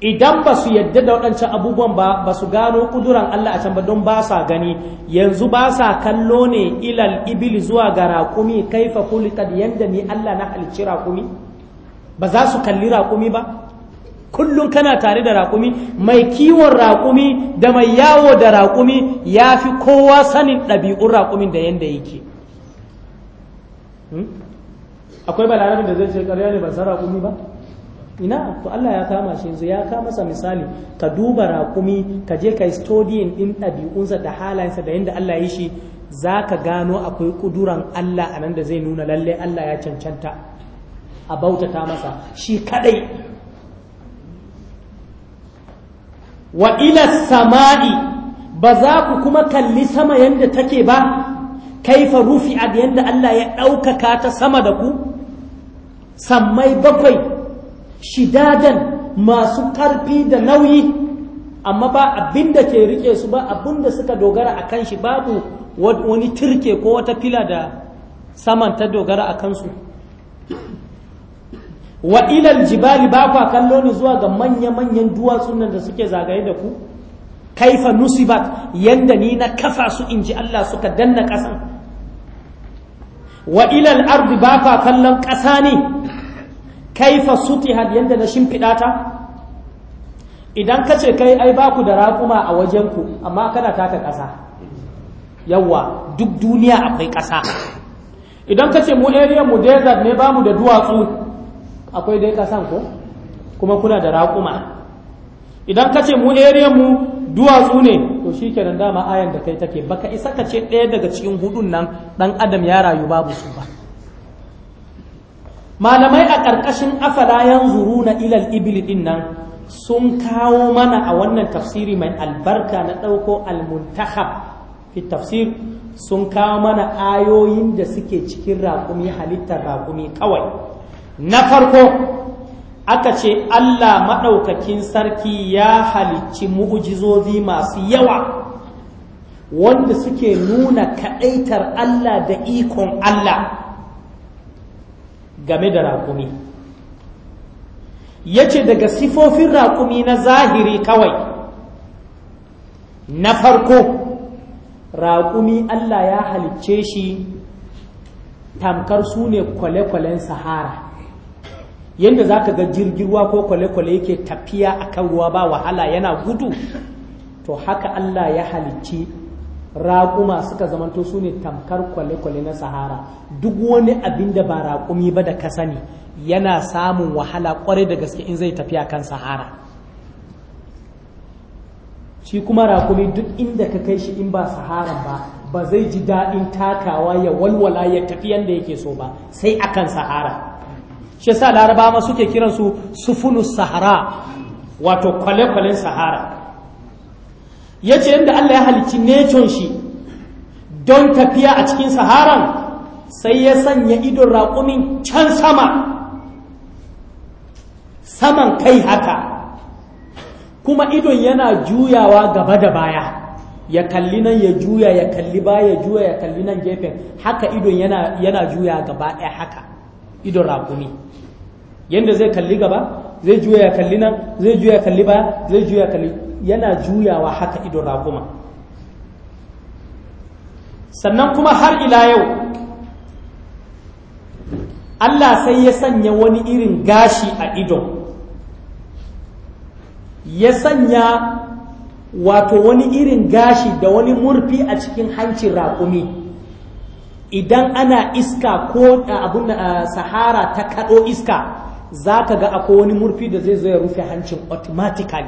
idan ba su yadda da waɗancan abubuwan ba su gano ƙuduran Allah a can ba don ba sa gani yanzu ba sa kallo ne ilal ibil zuwa ga raƙumi kaifa kulikat yadda ni Allah na halicci raƙumi ba za su kalli raƙumi ba kullum kana tare da raƙumi mai kiwon raƙumi da mai yawo da raƙumi ya fi kowa sanin ɗabi'un raƙumin da yadda yake Hmm? akwai balarabin da zai ce ƙarya ne ba san raƙumi ba ina to Allah ya kama shi yanzu ya kama sa misali ka duba raƙumi ka je ka studying din ɗabi'unsa da halayensa da yadda Allah ya shi za ka gano akwai kuduran Allah a nan da zai nuna lalle Allah ya cancanta a bautata masa shi kadai wa ila sama'i ba za ku kuma kalli sama yadda take ba kaifa rufi a da yadda Allah ya ɗaukaka ta sama da ku sammai bakwai shidadan masu ƙarfi da nauyi amma ba abin da ke rike su ba abin da suka dogara a kan shi babu wani turke ko wata fila da saman ta dogara a kansu wa ilal jibali ba kwa kallo ni zuwa ga manya-manyan duwatsun nan da suke zagaye da ku kaifa nusibat yadda ni na kafa su inji Allah suka danna ƙasan wa ilal ardi ba ka kallon ƙasa ne kaifa sutihat yadda na shimfiɗa ta idan ka ce kai ai baku da raƙuma a wajenku amma kana taka ƙasa yawa duk duniya akwai ƙasa idan ka ce mu area mu desert ne bamu da duwatsu akwai dai ƙasan ko kuma kuna da raƙuma idan ka ce mu area mu duwatsu ne to shi kenan dama ayan da kai take baka isa ka ce ɗaya daga cikin hudun nan ɗan adam ya rayu babu su ba malamai a ƙarƙashin yan zuru na ilal ibil ɗin nan sun kawo mana a wannan tafsiri mai albarka na ɗauko almuntahab fi tafsir sun kawo mana ayoyin da suke cikin raƙumi halittar raƙumi kawai na farko aka ce Allah maɗaukakin sarki ya halicci mu'ujizozi masu yawa wanda suke nuna kaɗaitar Allah da ikon Allah game da raƙumi ya ce daga sifofin raƙumi na zahiri kawai na farko raƙumi Allah ya halicce shi tamkar su ne kwale-kwalen sahara yadda za ka ga jirgin ruwa ko kwale-kwale yake tafiya a kan ruwa ba wahala yana gudu to haka Allah ya halicci raƙuma suka zamanto su ne tamkar kwale-kwale na sahara duk wani abin da ba raƙumi ba da ka sani yana samun wahala ƙwarai da gaske in zai tafiya kan sahara shi kuma raƙumi duk inda ka kai shi in ba sahara ba ba zai ji daɗin takawa ya walwala ya tafi yadda yake so ba sai akan sahara shi sa laraba suke kiran su sufunu sahara wato kwale-kwalen sahara yace yadda Allah ya halicci necon shi don tafiya a cikin saharan sai ya sanya idon raƙumin can sama saman kai haka kuma idon yana juyawa gaba da baya ya kalli nan ya juya ya kalli baya ya juya ya kalli nan gefen haka idon yana juya gaba ɗaya haka idon rakumi yadda zai kalli gaba zai juya kalli nan zai juya kalli baya zai juya kalli yana juyawa haka idon rakuma sannan kuma har ila yau Allah sai ya sanya wani irin gashi a idon ya sanya wato wani irin gashi da wani murfi a cikin hancin raƙumi idan ana iska ko abun sahara ta kaɗo iska za ka ga akwai wani murfi da zai zo ya rufe hancin automatically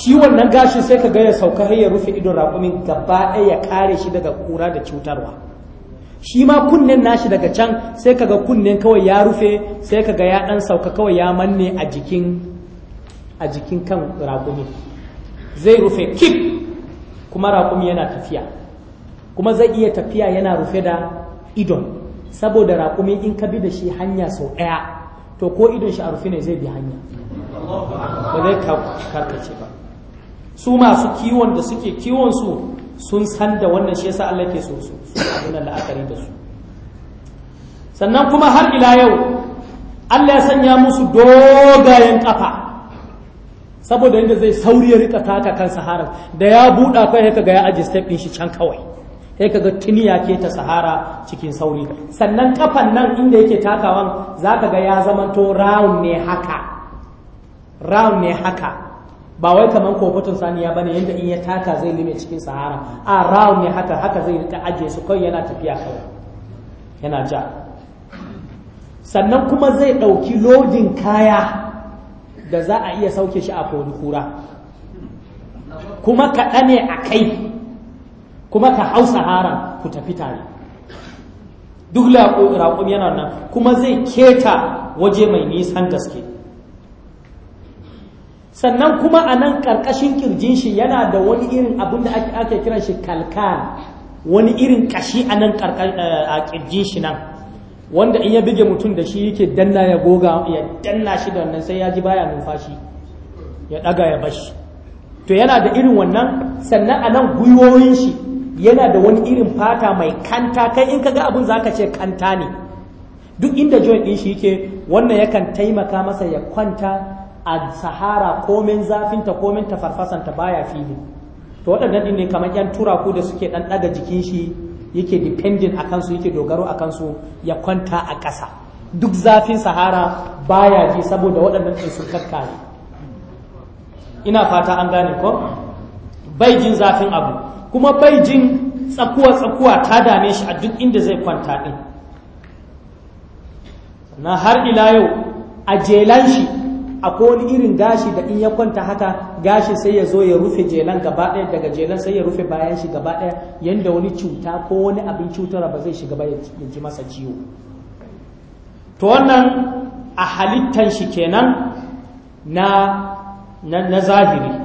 shi wannan gashi sai ka gaya ya sauka ya rufe idon raƙumin gaba ɗaya ya kare shi daga kura da cutarwa shi ma kunnen nashi daga can sai ka ga kunnen kawai ya rufe sai ka ga ya ɗan sauka kawai ya manne a jikin kan raƙumin zai rufe kip kuma raƙumi yana tafiya kuma zai iya tafiya yana rufe da idon saboda raƙumi in ka bi da shi hanya sau ɗaya to ko idon shi a rufe ne zai bi hanya ba zai karkace ba su masu kiwon da suke kiwon su sun san da wannan shi yasa Allah ke so su abin la'akari da su sannan kuma har ila yau Allah ya sanya musu dogayen kafa saboda inda zai sauri ya rika taka kan sahara da ya buɗa kai ka ga ya aje step ɗin shi can kawai sai kaga tuniya ke ta sahara cikin sauri sannan kafan nan inda yake takawan ka ga ya zama to round ne haka round ne haka ba wai kamar kofutun saniya ba ne yadda in ya taka zai lime cikin sahara a round ne haka haka zai rika ajiye su kai yana tafiya kawai yana ja sannan kuma zai ɗauki lodin kaya da za a iya sauke shi a kura kuma kaɗa ne a kai kuma ka hau saharan ku tafi tare duk raƙon yana nan kuma zai keta waje mai nisan gaske sannan kuma a nan ƙarƙashin ƙirjin shi yana da wani irin abin ake kiran shi kalkal wani irin ƙashi a nan eh, ƙirjin shi nan wanda in ya bige mutum da shi yake danna ya goga ya danna shi da wannan sai ya ji baya numfashi ya ɗaga ya bashi to yana da irin wannan sannan a nan gwiwoyin shi yana da wani irin fata mai kanta kai in kaga abin zaka ce kanta ne duk inda joint din shi yake wannan yakan taimaka masa ya kwanta a sahara komen zafinta komen tafarfasanta baya fili to waɗannan ɗin ne kamar yan turaku da suke ɗan ɗaga jikin shi yake dependent a kansu yake dogaro a kansu ya kwanta a ƙasa duk zafin sahara baya ji saboda waɗannan din sun kakkare ina fata an gane ko bai jin zafin abu kuma bai jin tsakuwa-tsakuwa ta dame shi a duk inda zai kwanta ɗin na har ila yau a jelan shi akwai wani irin gashi da in ya kwanta haka gashi sai ya zo ya rufe jelan gaba ɗaya daga jelan sai ya rufe bayan shi gaba ɗaya yadda wani cuta ko wani abin cutar ba zai shiga ba ya ji masa ciwo to wannan a halittan shi kenan na zahiri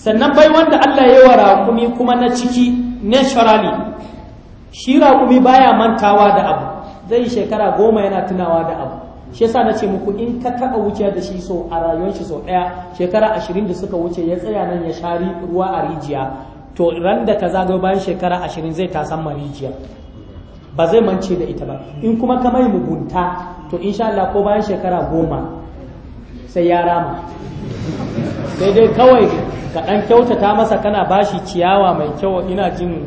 sannan bai wanda Allah ya wa raƙumi kuma na ciki naturally shi raƙumi baya mantawa da abu zai shekara goma yana tunawa da abu shi yasa na ce muku in ka taɓa wuce da shi so a rayuwar shi so ɗaya shekara ashirin da suka wuce ya tsaya nan ya shari ruwa a rijiya to ran da ka zagayo bayan shekara ashirin zai ta san rijiya ba zai mance da ita ba in kuma ka mai mugunta to insha Allah ko bayan shekara goma sai ya rama sai dai kawai ka ɗan kyautata masa kana bashi ciyawa mai kyau ina jin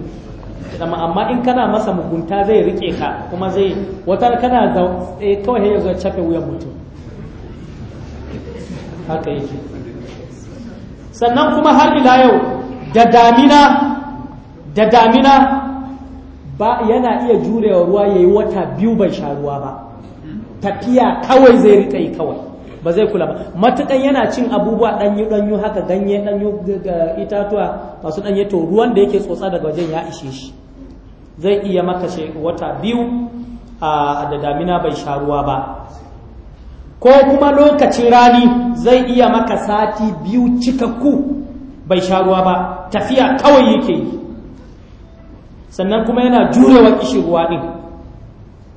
amma in kana masa mugunta zai rike ka kuma zai wata kana da eh, kawai ya zo cafe wuyan mutum haka yake sannan kuma har ila yau da damina da damina ba yana iya jurewa ruwa yayi wata biyu bai sha ruwa ba tafiya kawai zai rika yi kawai ba zai kula ba matukan yana cin abubuwa danyu danyu haka ganye danyu itatuwa masu danye to ruwan da yake tsotsa daga wajen ya ishe shi zai iya maka wata biyu da damina bai sha ruwa ba ko kuma lokacin rani zai iya maka sati biyu cikakku bai sha ruwa ba tafiya kawai yake yi sannan kuma yana jurewa kishin ruwa din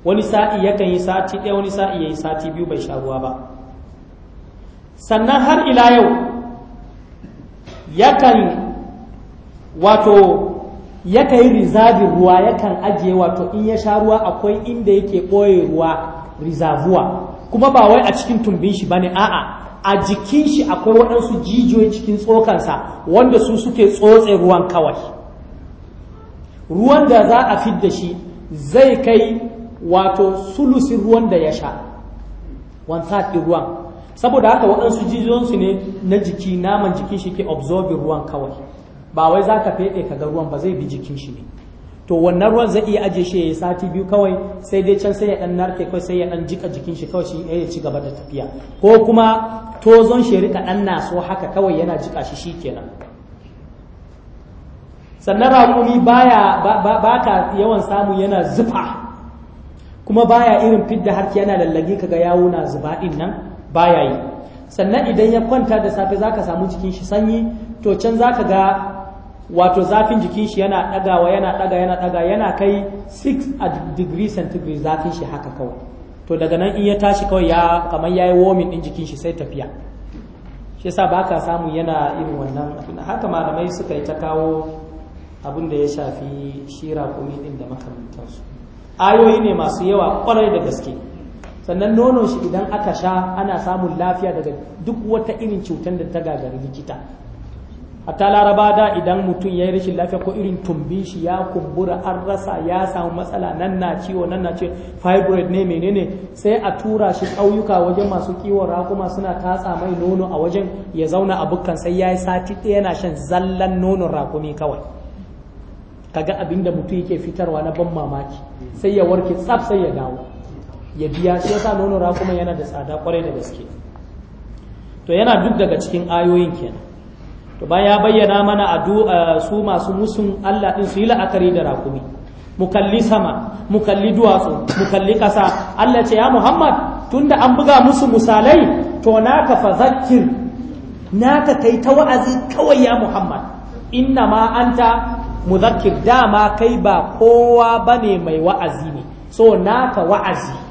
wani sa'i yakan yi sati ɗaya wani sa'i ya sati biyu bai sha ruwa ba sannan har ila yau yakan wato yakan yi rizabin ruwa yakan ajiye wato in ya sha ruwa akwai inda yake ɓoye ruwa rizabuwa. kuma ba wai a cikin tumbin shi bane a'a a jikin shi akwai waɗansu jijiyoyi cikin tsokansa wanda su suke tsotse ruwan kawai ruwan da za a fid da shi zai kai wato sulusin ruwan da ya sha one third ruwan saboda haka waɗansu jijiyoyinsu ne na jiki naman jikin shi ke absorbing ruwan kawai ba wai za ka feɗe ka ga ruwan ba zai bi jikin shi ne to wannan ruwan zai iya aje shi ya yi sati biyu kawai sai dai can sai ya ɗan narke kawai sai ya ɗan jika jikin shi kawai shi ya ci gaba da tafiya ko kuma tozon shi rika ɗan naso haka kawai yana jika shi shi kenan sannan raƙumi baya ba ka yawan samu yana zufa kuma baya irin fidda harki yana lallage kaga yawo na zuba ɗin nan baya yi sannan idan ya kwanta da safe zaka samu jikin shi sanyi to can zaka ga wato zafin jikin shi yana ɗagawa yana ɗaga yana ɗaga yana kai 6 a degree centigrade zafin shi haka kawai to daga nan in ya tashi kawai ya kamar yayi warming din jikin shi sai tafiya shi yasa baka samu yana irin wannan abin haka malamai suka yi ta kawo abin da ya shafi shira kumi din da makamantansu ayoyi ne masu yawa kwarai da gaske sannan nono shi idan aka sha ana samun lafiya daga duk wata irin cutar da ta gagari likita hatta laraba da idan mutum ya yi rashin lafiya ko irin tumbin shi ya kumbura an rasa ya samu matsala nan na ciwo nan na ciwo fibroid ne menene sai a tura shi ƙauyuka wajen masu kiwon rakuma suna tatsa mai nono a wajen ya zauna a bukkan sai ya yi sati ɗaya yana shan zallan nonon rakumi kawai kaga abinda mutum yake fitarwa na ban mamaki sai ya warke tsaf sai ya dawo ya biya shi yasa nono rakuma yana da tsada kwarai da gaske to yana duk daga cikin ayoyin kenan to bayan ya bayyana mana a su masu musun Allah din su yi la'akari da rakumi mu kalli sama mu kalli duwatsu mu kalli kasa Allah ce ya Muhammad tunda an buga musu misalai to naka fa zakkir naka kai ta wa'azi kawai ya Muhammad inna ma anta muzakkir dama kai ba kowa bane mai wa'azi ne so naka wa'azi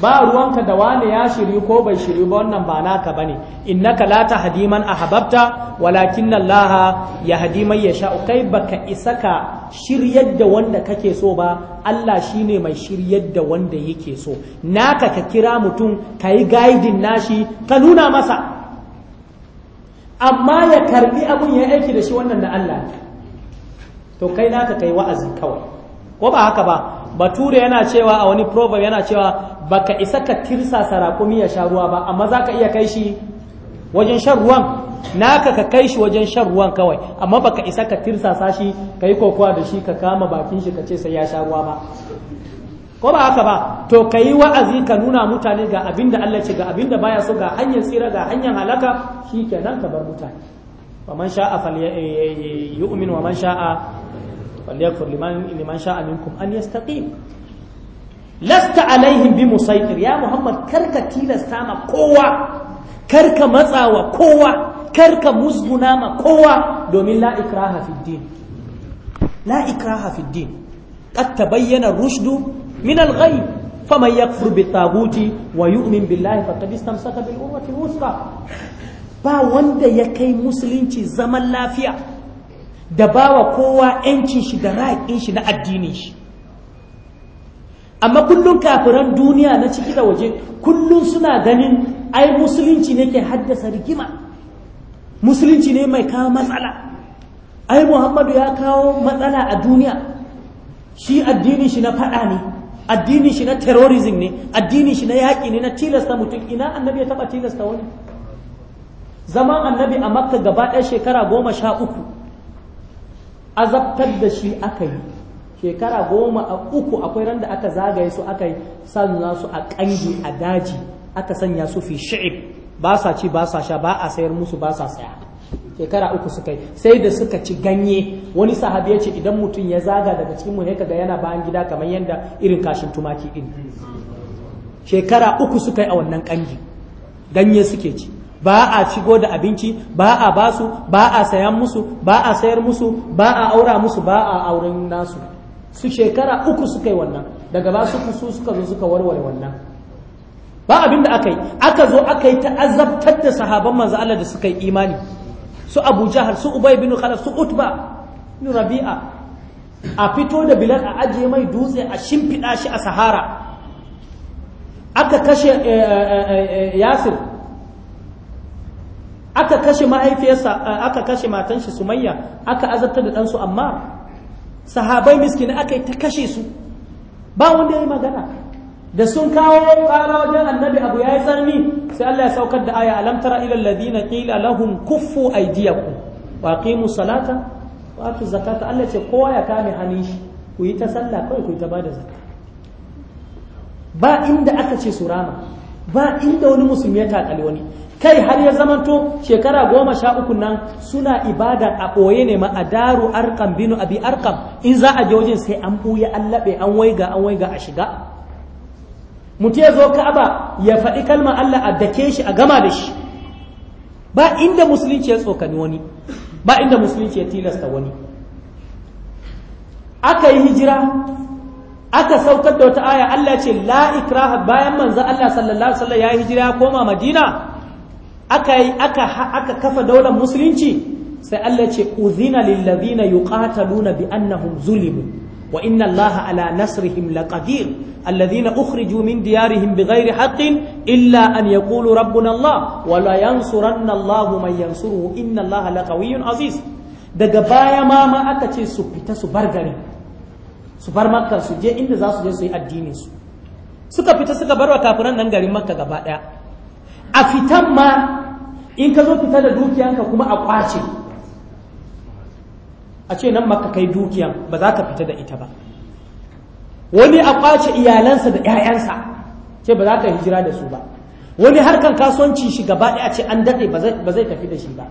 ba ruwanka da wani ya shiri ko bai shiri ba wannan ba naka ba bane innaka la hababta walakin nan ya ya ya ya sha kai baka isa ka shiryar da wanda kake so ba Allah shi ne mai shiryar da wanda yake so naka ka kira mutum ka yi gaidin nashi ka nuna masa amma ya karbi abun ya aiki da shi wannan da Allah to kai naka kai wa'azi kawai ko ba haka ba bature yana cewa a wani proverb yana cewa baka isa ka tirsa sarakumi ya sha ruwa ba amma zaka iya kai shi wajen shan ruwan naka ka kai shi wajen shan ruwan kawai amma baka isa ka sa shi ka yi kokowa da shi ka kama bakin shi ka ce sai ya sha ruwa ba ko ba haka ba to ka yi wa'azi ka nuna mutane ga abin da Allah ce ga abin da baya so ga hanyar tsira ga hanyar halaka shikenan ka bar mutane wa man sha'a fal falyu'min wa man sha'a falyakfur liman liman sha'a lasta alaihin bi musaitir ya muhammad karka tilasta ma kowa karka matsawa kowa karka musguna ma kowa domin la ikraha fid la ikraha fid din qad tabayyana rushdu min al-ghayb فمن يكفر بالطاغوت ويؤمن بالله فقد استمسك بالعروة الوثقى با wanda ya kai musulunci zaman lafiya da ba wa kowa yancin shi da raƙin shi na addinin shi amma kullum kafiran duniya na ciki da waje kullum suna ganin ai musulunci ne ke haddasa rigima musulunci ne mai kawo matsala ai muhammadu ya kawo matsala a duniya shi addinin shi na faɗa ne addinin shi na terrorism ne addinin shi na yaƙi ne na tilasta mutum ina annabi ya taɓa tilasta wani zaman annabi a makka gaba ɗaya shekara goma sha uku azabtar da shi aka yi shekara goma a uku akwai randa aka zagaye su aka yi sannan su a ƙangi a daji aka sanya su fi shi'ib ba sa ci ba sa sha ba a sayar musu ba sa saya shekara uku suka yi sai da suka ci ganye wani sahabi ya ce idan mutum ya zaga daga cikin mu ga yana bayan gida kamar yadda irin kashin tumaki din shekara uku suka yi a wannan kangi ganye suke ci ba a shigo da abinci ba a basu ba a sayan musu ba a sayar musu ba a aura musu ba a auren nasu su shekara uku suka yi wannan daga ba su su suka zo suka warware wannan ba abin da aka yi aka zo aka yi ta'azzabtar da sahaban manzo Allah da suka yi imani su Abu Jahal su Ubay bin Khalaf su Utba bin Rabi'a a fito da Bilal a ajiye mai dutse a shimfiɗa shi a Sahara aka kashe eh, eh, eh, Yasir aka kashe mahaifiyarsa eh, aka kashe matan shi sumayya aka azabta da ɗansu amma sahabai miskina aka yi ta kashe su ba wanda ya yi magana da sun kawo ƙara wajen annabi abu ya yi tsarni sai Allah ya saukar da aya alam tara ila alladhina qila lahum kuffu aydiyakum wa aqimu salata wa atu zakata Allah ce kowa ya kame hannun shi ku yi ta sallah kawai ku yi ta bada zakka ba inda aka ce su rama ba inda wani musulmi ya takali wani kai har ya zamanto shekara goma sha uku nan suna ibada a ɓoye ne ma a daru arkam binu abi arkam in za a jojin sai an ɓuya an laɓe an waiga an waiga a shiga mutum ya zo ka'aba ya faɗi kalma Allah a dake shi a gama da shi ba inda musulunci ya tsokani wani ba inda musulunci ya tilasta wani aka yi hijira aka saukar da wata aya Allah ce la ikraha bayan manzon Allah sallallahu alaihi ya hijira koma Madina aka yi aka kafa daular musulunci sai Allah ce uzina lillazina ladina yuqataluna bi annahum zulimu wa inna Allah ala nasrihim laqadir alladhina ukhriju min diyarihim bighairi haqqin illa an yaqulu rabbuna Allah wa la yansuranna Allah man yansuruhu inna Allah laqawiyyun aziz daga baya ma ma aka ce su fita su bar gari su bar makka su je inda za su je su yi addinin su suka fita suka bar wa kafiran nan garin makka gaba daya a fitan ma in ka zo fita da dukiyanka kuma a kwace a ce nan makka kai dukiyan ba za ka fita da ita ba wani a kwace iyalansa da 'ya'yansa ce ba za ka hijira da su ba wani harkan kasuwanci shi gaba daya ce an daɗe ba zai tafi da shi ba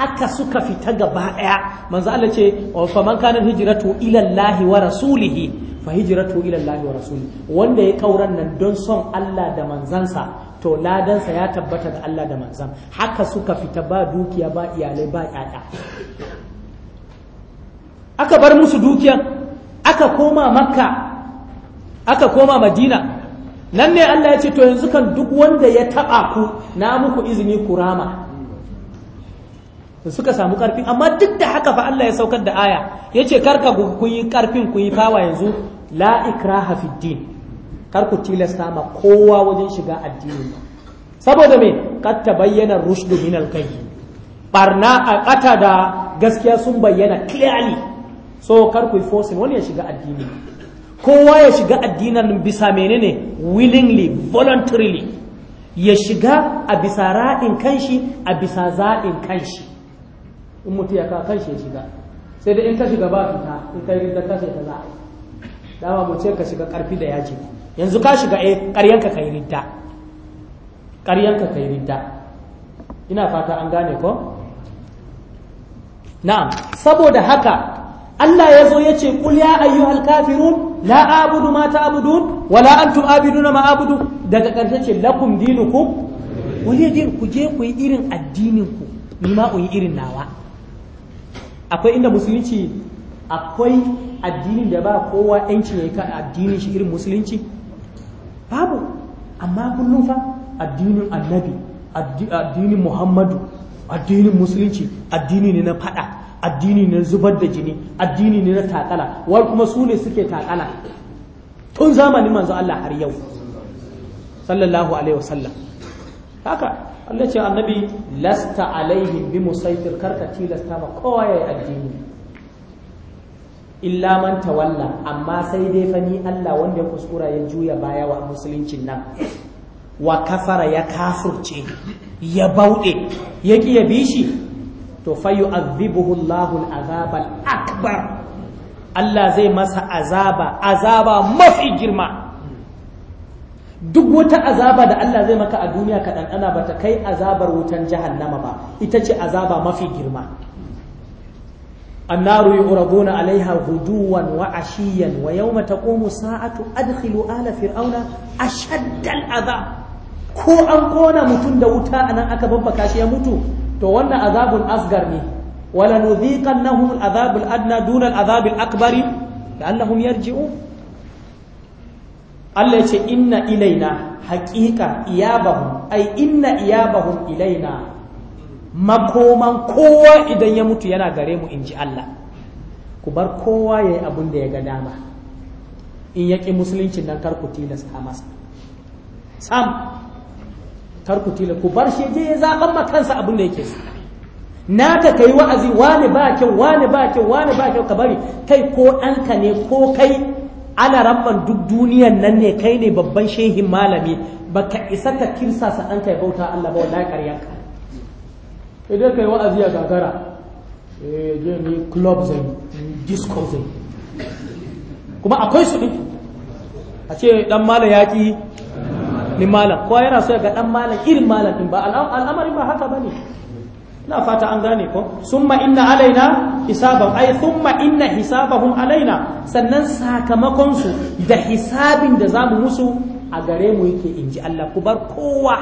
haka suka fita gaba ɗaya manzo Allah ce fa man kana hijratu ila Allah wa rasulihi fa hijratu ila Allah wa rasulihi wanda ya kauran nan don son Allah da manzansa to ladansa ya tabbata da Allah da manzan haka suka fita ba dukiya ba iyalai ba ƴaƴa. aka bar musu dukiyan aka koma makka aka koma madina nan ne Allah ya ce to yanzu kan duk wanda ya taba ku na muku izini ku rama da suka samu karfi amma duk da haka fa Allah ya saukar da aya Ya yace karka ku yi karfin ku yi fawa yanzu la ikraha fid kar tilasta ma kowa wajen shiga addinin saboda me katta tabayyana rushdu min al barna a kata da gaskiya sun bayyana clearly so kar yi forcing wani ya shiga addini kowa ya shiga addinin bisa menene willingly voluntarily ya shiga a bisa raɗin kanshi a bisa zaɗin kanshi in mutu ya kan shi shiga sai dai in ka shiga ba fita in kai rinda kashe ta za a yi dama mu ce ka shiga karfi da yaji yanzu ka shiga eh ƙaryanka kai ridda ka yi ridda ina fata an gane ko na'am saboda haka Allah ya zo ya ce kul ya ayyuhal kafirun la a'budu ma ta'budun wa la antum abiduna ma a'budu daga ƙarshe ce lakum dinukum wani ku je ku yi irin addinin ku ni ma ku yi irin nawa akwai inda musulunci akwai addinin da ba kowa yanci ya yi ka addinin shi irin musulunci babu amma kullum fa addinin annabi addinin muhammadu addinin musulunci addini ne na fada addini ne zubar da jini addini ne na takala war kuma su ne suke takala tun zamanin manzo Allah har yau sallallahu alaihi wasallam haka Allah ce annabi lasta alaihim bi musaitir karka tilasta ma kowa yayi addini illa man tawalla amma sai dai fa ni Allah wanda ya kuskura ya juya baya wa musuluncin nan wa kafara ya kafurce ya bauɗe ya ƙi ya bishi to fayu azibuhu Allahul azabal akbar Allah zai masa azaba azaba mafi girma duk wata azaba da Allah zai maka a duniya ka ɗanɗana ba ta kai azabar wutan jahannama ba ita ce azaba mafi girma annaru yu'raduna alaiha guduwan wa ashiyan wa mata taqumu sa'atu adkhilu ala fir'auna ashaddal azab ko an kona mutum da wuta anan aka babbaka shi ya mutu to wannan azabun asgar ne wala nudhiqannahum al'azabul adna duna al'azabil akbari la'annahum yarji'un Allah ya ce inna ilaina haƙiƙa iyabahu ai inna iyabahu ilaina makoman kowa idan ya mutu yana gare mu in ji Allah ku bar kowa ya yi abin da ya ga dama in ya musulunci nan kar ku tilasta masa sam kar ku tilasta ku bar shi je ya zaɓan ma kansa abin da yake so ta kai wa'azi wani ba kyau wani ba kyau wani ba kyau ka bari kai ko ɗanka ne ko kai ana rabban duk duniyan nan ne kai ne babban shehin malami ba ka isa ka kirsa sa an kai bauta Allah ba wallahi ka. idan kai wa'azi ya gagara eh je ni club zai disco zai kuma akwai su din a ce dan malam yaki ni malam kowa yana so ga dan malam irin malam din ba al'amarin ba haka bane na fata an gane ko summa inna alaina hisaban ai summa inna hisabahum alaina sannan sakamakon su da hisabin da zamu musu a gare mu yake inji Allah ku bar kowa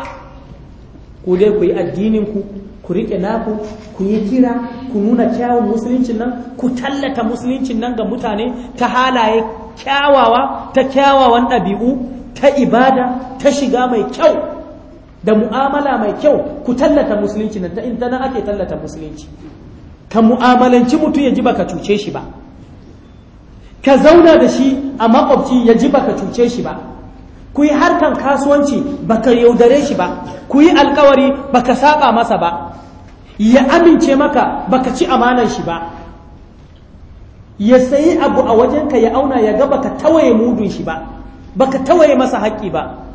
ku dai ku yi addinin ku ku rike naku ku yi kira ku nuna kyawun musulunci nan ku tallata musulunci nan ga mutane ta halaye kyawawa ta kyawawan ɗabi'u ta ibada ta shiga mai kyau da mu'amala mai kyau ku tallata musulunci nan ta in tana ake tallata musulunci ka mu'amalanci mutum ya ji baka cuce shi ba ka zauna da shi a makwabci ya ji baka cuce shi ba ku yi harkan kasuwanci baka yaudare shi ba ku yi alkawari baka saba masa ba ya amince maka baka ci amanar shi ba ya sayi abu a wajenka ya auna ya ga baka tawaye mudun shi ba baka tawaye masa haƙƙi ba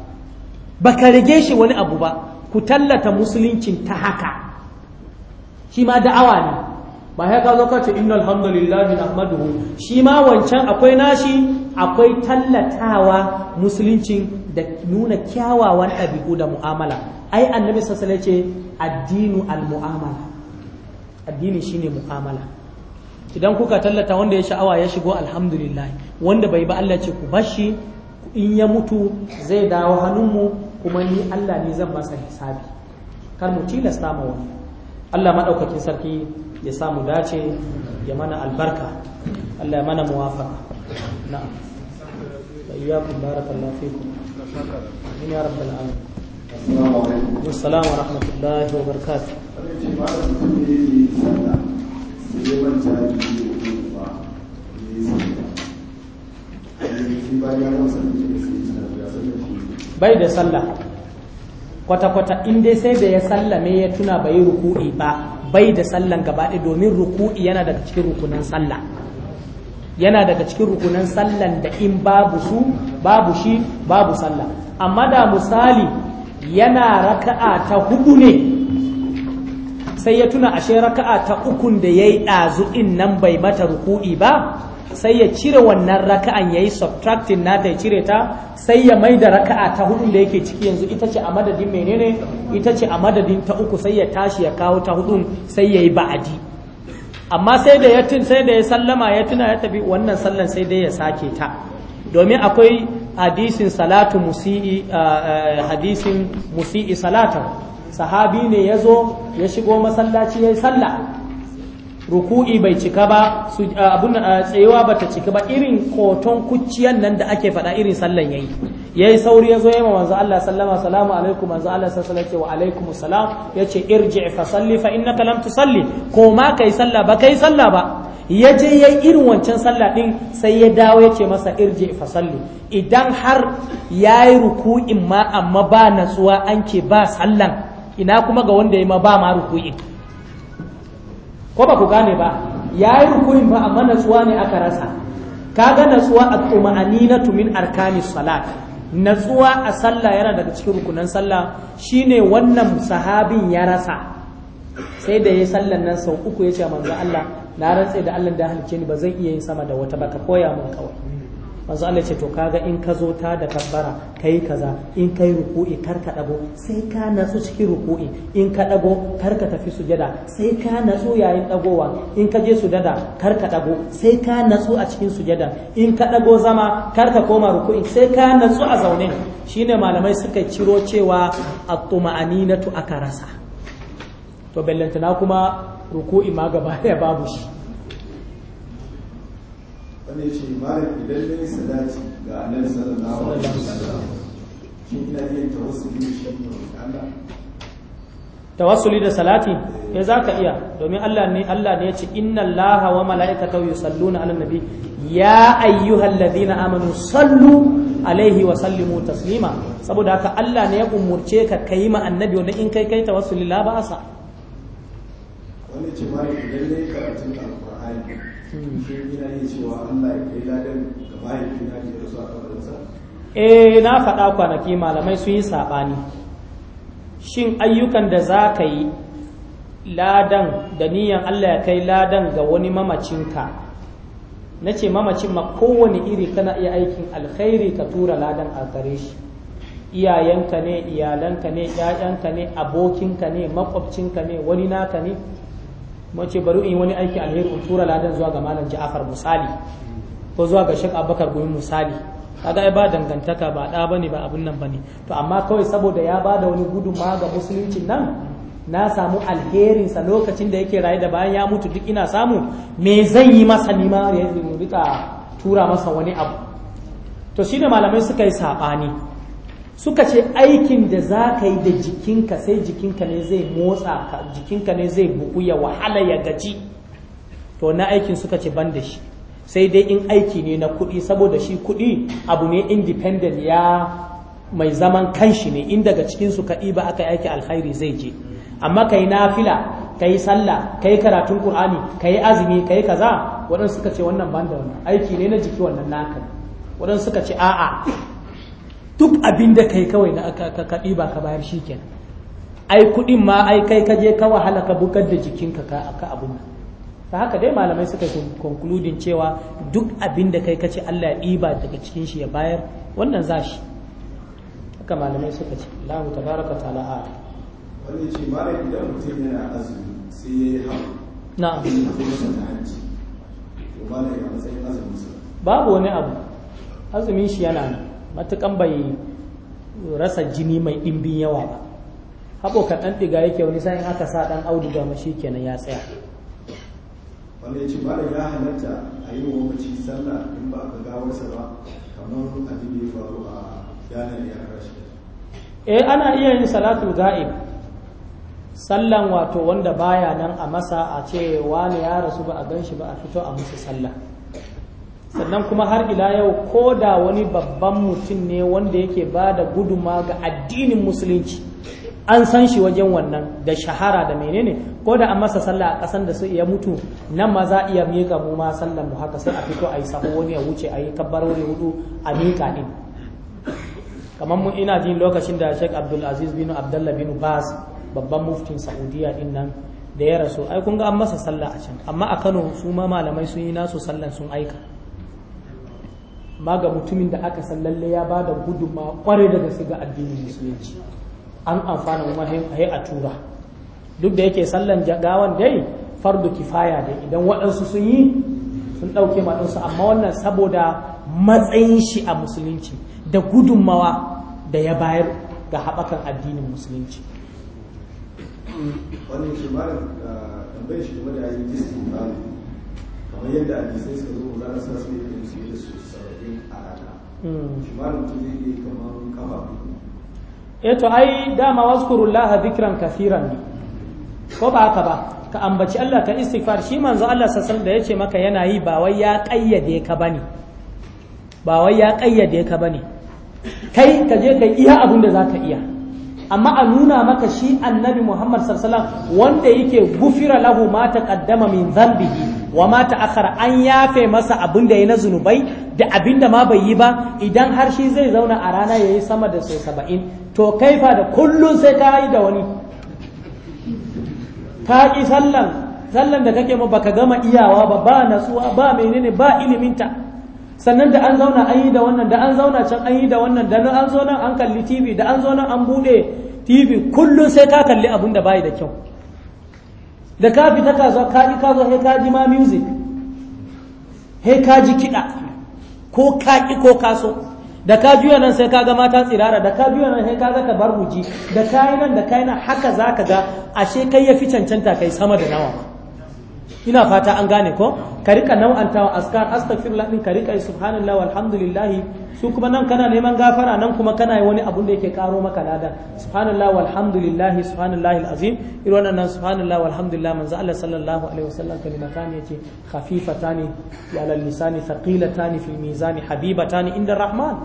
ba ka rage shi wani abu ba ku tallata musuluncin ta haka shi ma da'awa ne ba ya ka zo ka ce inna alhamdulillahi nahmaduhu shi ma wancan akwai nashi akwai tallatawa musuluncin da nuna kyawawan ɗabi'u da mu'amala ai annabi sassale ce addinu al-mu'amala addini shine mu'amala idan kuka tallata wanda ya sha'awa ya shigo alhamdulillah wanda bai ba Allah ce ku bashi in ya mutu zai dawo hannunmu kuma ni Allah ne zan masa hisabi kar mu tilasta ma wani Allah maɗaukakin sarki ya samu dace ya mana albarka Allah ya mana muwafaka na'am wa iyyakum barakallahu fikum amin ya rabbal alamin assalamu alaikum assalamu wa rahmatullahi wa barakatuh bai da sallah kwata-kwata in dai sai da ya sallame ya tuna bai ruku'i ba bai da sallan gaba ɗaya domin ruku'i yana daga cikin rukunan sallah yana daga cikin rukunan sallan da in babu su babu shi babu salla. amma da misali yana raka'a ta hudu ne sai ya tuna ashe raka'a ta ukun da ya yi ɗazu in nan bai mata ruku'i ba sai ya cire wannan raka'an yayi subtracting nata ya cire ta sai ya mai da raka'a ta hudu da yake ciki yanzu ita ce a madadin menene ita ce a madadin ta uku sai ya tashi ya kawo ta hudun sai yayi ba'adi amma sai da yatin sai da ya sallama ya tuna ya tafi wannan sallan sai dai ya sake ta domin akwai hadisin salatu musii hadisin musii salata sahabi ne ya zo ya shigo masallaci yayi yi sallah ruku'i bai cika ba abun tsayewa ba ta cika ba irin koton kuciyan nan da ake faɗa irin sallan yayi yayi sauri yazo yayi manzo Allah sallama salamu alaikum manzo Allah sallallahu alaihi wa alaikum salam yace irji fa salli fa innaka lam tusalli ko ma kai salla ba kai salla ba yaje yayi irin wancan sallah din sai ya dawo yace masa irji fa salli idan har yayi ruku'in ma amma ba natsuwa anke ce ba sallan ina kuma ga wanda yayi ma ba ma ruku'in ko ba ku gane ba ya yi rukunin ba amma natsuwa ne aka rasa ka ga natsuwa a a nina tumin arkani salat natsuwa a sallah yana daga cikin rukunan sallah shine wannan sahabin ya rasa sai da ya sallan nan sau uku ya ce manzo Allah na rantse da Allah da halice ni ba zai iya yin sama da wata ba ka koya mun kawai manzo Allah ce to kaga in ka zo ta da kabbara kai kaza in kai ruku'i kar ka dago sai ka natsu cikin ruku'i in ka dago kar ka tafi sujada sai ka natsu yayin dagowa in ka je sujada kar ka dago sai ka natsu a cikin sujada in ka dago zama kar ka koma ruku'i sai ka natsu a zaune shine malamai suka ciro cewa at-tuma'aninatu aka rasa to bellantana kuma ruku'i ma gaba ya babu shi wanda ce malam idan salati ga annabi sallallahu alaihi wasallam ina tawassuli shi Allah tawassuli da salati ya eh, za ka iya domin Allah ne Allah ne ya ce inna Allaha wa mala'ikatahu yusalluna 'alan nabi ya ayyuhalladhina amanu sallu alaihi wa sallimu taslima saboda haka Allah ne ya umurce ka kai ma annabi wanda in kai kai tawassuli la ba'asa wani ce idan ne karatun alqur'ani eh na faɗa kwanaki malamai sun yi saɓani shin ayyukan da za ka yi ladan da niyan Allah ya kai ladan ga wani mamacinka na ce mamacin ma kowane iri kana iya aikin alkhairi ka tura ladan a gare shi iyayenka ne iyalanka ne 'ya'yanka ne abokinka ne makwabcinka ne wani naka ne Mace ce bari in wani aiki alheri in tura ladan zuwa ga malam Ja'far Musali, ko zuwa ga Sheikh Abubakar Gumi Musali, kaga ai ba dangantaka ba da bane ba abun nan bane to amma kawai saboda ya bada wani guduma ga musulunci nan na samu alherinsa lokacin da yake raye da bayan ya mutu duk ina samu me zan yi masa nima ya rika tura masa wani abu to shine malamai suka yi saɓani suka ce aikin da za ka yi da jikinka sai jikinka ne zai motsa ka jikinka ne zai buku ya wahala ya gaji to na aikin suka ce ban da shi sai dai in aiki ne na kuɗi saboda shi kuɗi abu ne independent ya mai zaman kanshi ne in daga cikinsu ka ɗiba aka aiki alkhairi zai je amma ka yi nafila ka yi sallah ka yi karatun ƙur'ani ka yi azumi ka yi kaza waɗansu suka ce wannan ban da wannan aiki ne na jiki wannan naka waɗansu suka ce a'a duk abin da kai kawai na aka kaɗi ba ka bayar shi kenan ai kuɗin ma ai kai ka je ka wahala ka bugar da jikinka ka ka abun nan ta haka dai malamai suka yi concluding cewa duk abin da kai kace Allah ya ɗiba daga cikin shi ya bayar wannan za shi haka malamai suka ce Allahu tabaraka ta'ala a wani ce ne idan mutum yana azumi sai ya yi hawa na'am babu wani abu azumin shi yana nan matukan bai rasa jini mai ɗimbin yawa ba haɓo ka ɗan ɗiga yake wani sa'in aka sa ɗan audu ma shi kenan ya tsaya wanda ya ce ba da ya halatta a yi wa mace sallah in ba a gawarsa ba kamar abin da ya faru a yanar ya rashi eh ana iya yin salatu ga'ib sallan wato wanda baya nan a masa a ce wani ya rasu ba a gan shi ba a fito a musu sallah sannan kuma har ila yau ko da wani babban mutum ne wanda yake ba da guduma ga addinin musulunci an san shi wajen wannan da shahara da menene ko da an masa sallah a kasan da su iya mutu nan ma za a iya mika mu ma sallan mu haka sai a fito a yi saho wani ya wuce a yi kabbar wani hudu a mika din kamar mun ina jin lokacin da Sheikh Abdul Aziz bin Abdullah bin Bas babban muftin Saudiya din nan da ya rasu ai kun ga an masa sallah a can amma a Kano su ma malamai sun yi nasu sallan sun aika ma ga mutumin da aka san lalle ya ba da gudunma kwarai daga su ga addinin musulunci an amfana kuma hai a tura duk da yake sallan gawan dai fardu kifaya dai idan waɗansu sun yi sun ɗauke maɗansu amma wannan saboda matsayin shi a musulunci da gudunmawa da ya bayar ga haɓakan addinin musulunci wani shi malam ah, tambayar shi game da ayin kamar yadda suka zo za a sa su Hmm. eto eh ai dama wazkurullaha dhikran kathiran ko ba haka ba ka ambaci Allah ka istighfar shi manzo Allah sassan da yace maka yana yi ba wai ya kayyade ka bane ba wai ya kayyade ka bane kai ka je ka iya abun da zaka iya amma a nuna maka shi annabi Muhammad sallallahu wanda yake gufira lahu ma taqaddama min dhanbihi wa ma ta'akhkhara an yafe masa abin da yayi na zunubai da abin da ma bai yi ba idan har shi zai zauna a rana yayi sama da sau 70 to kaifa da kullun sai ka yi da wani ka ki sallan sallan da kake ma baka gama iyawa ba ba natsuwa ba menene ba iliminta sannan da an zauna an yi da wannan da an zauna can an yi da wannan da an zo nan an kalli tv da an zo nan an bude tv kullum sai ka kalli abun da bai da kyau da ka fita kasuwa ka ji kasuwa sai ka ji ma music sai ka ji kiɗa ko ka ki ko ka so da ka juya nan sai ka ga mata tsirara da ka juya nan sai ka ga tabarruji da ka yi nan da ka yi nan haka za ka ga ashe kai ya fi cancanta kai sama da nawa ina fata an gane ko ka rika nau'antawa askar astaghfirullah din ka rika subhanallah walhamdulillah su kuma nan kana neman gafara nan kuma kana wani abun da yake karo maka lada subhanallah walhamdulillah subhanallah alazim irin wannan subhanallah walhamdulillah manzo Allah sallallahu alaihi wasallam kalimatan yace khafifatani ala lisani thaqilatani fil mizani habibatani inda rahman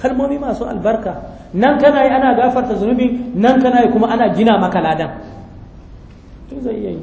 kalmomi masu albarka nan kana yi ana gafarta zunubi nan kana yi kuma ana gina maka ladan zai iya yi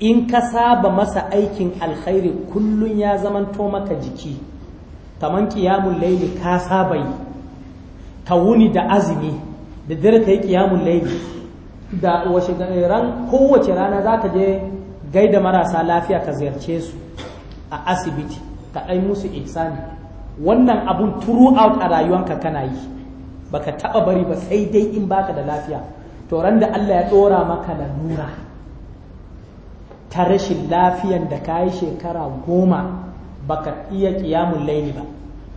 in ka saba masa aikin alkhairi kullum ya zamanto maka jiki kamar kiyamun laili ka saba yi ka wuni da azumi da dare ka yi kiyamun laili da washe ran kowace rana za ka je gaida marasa lafiya ka ziyarce su a asibiti ka ɗai musu ihsani wannan abun throughout a rayuwanka kana yi baka taɓa bari ba sai dai in baka da lafiya to ran da Allah ya ɗora maka da nura ta rashin lafiyan da ka yi shekara goma baka iya kiyamun laini ba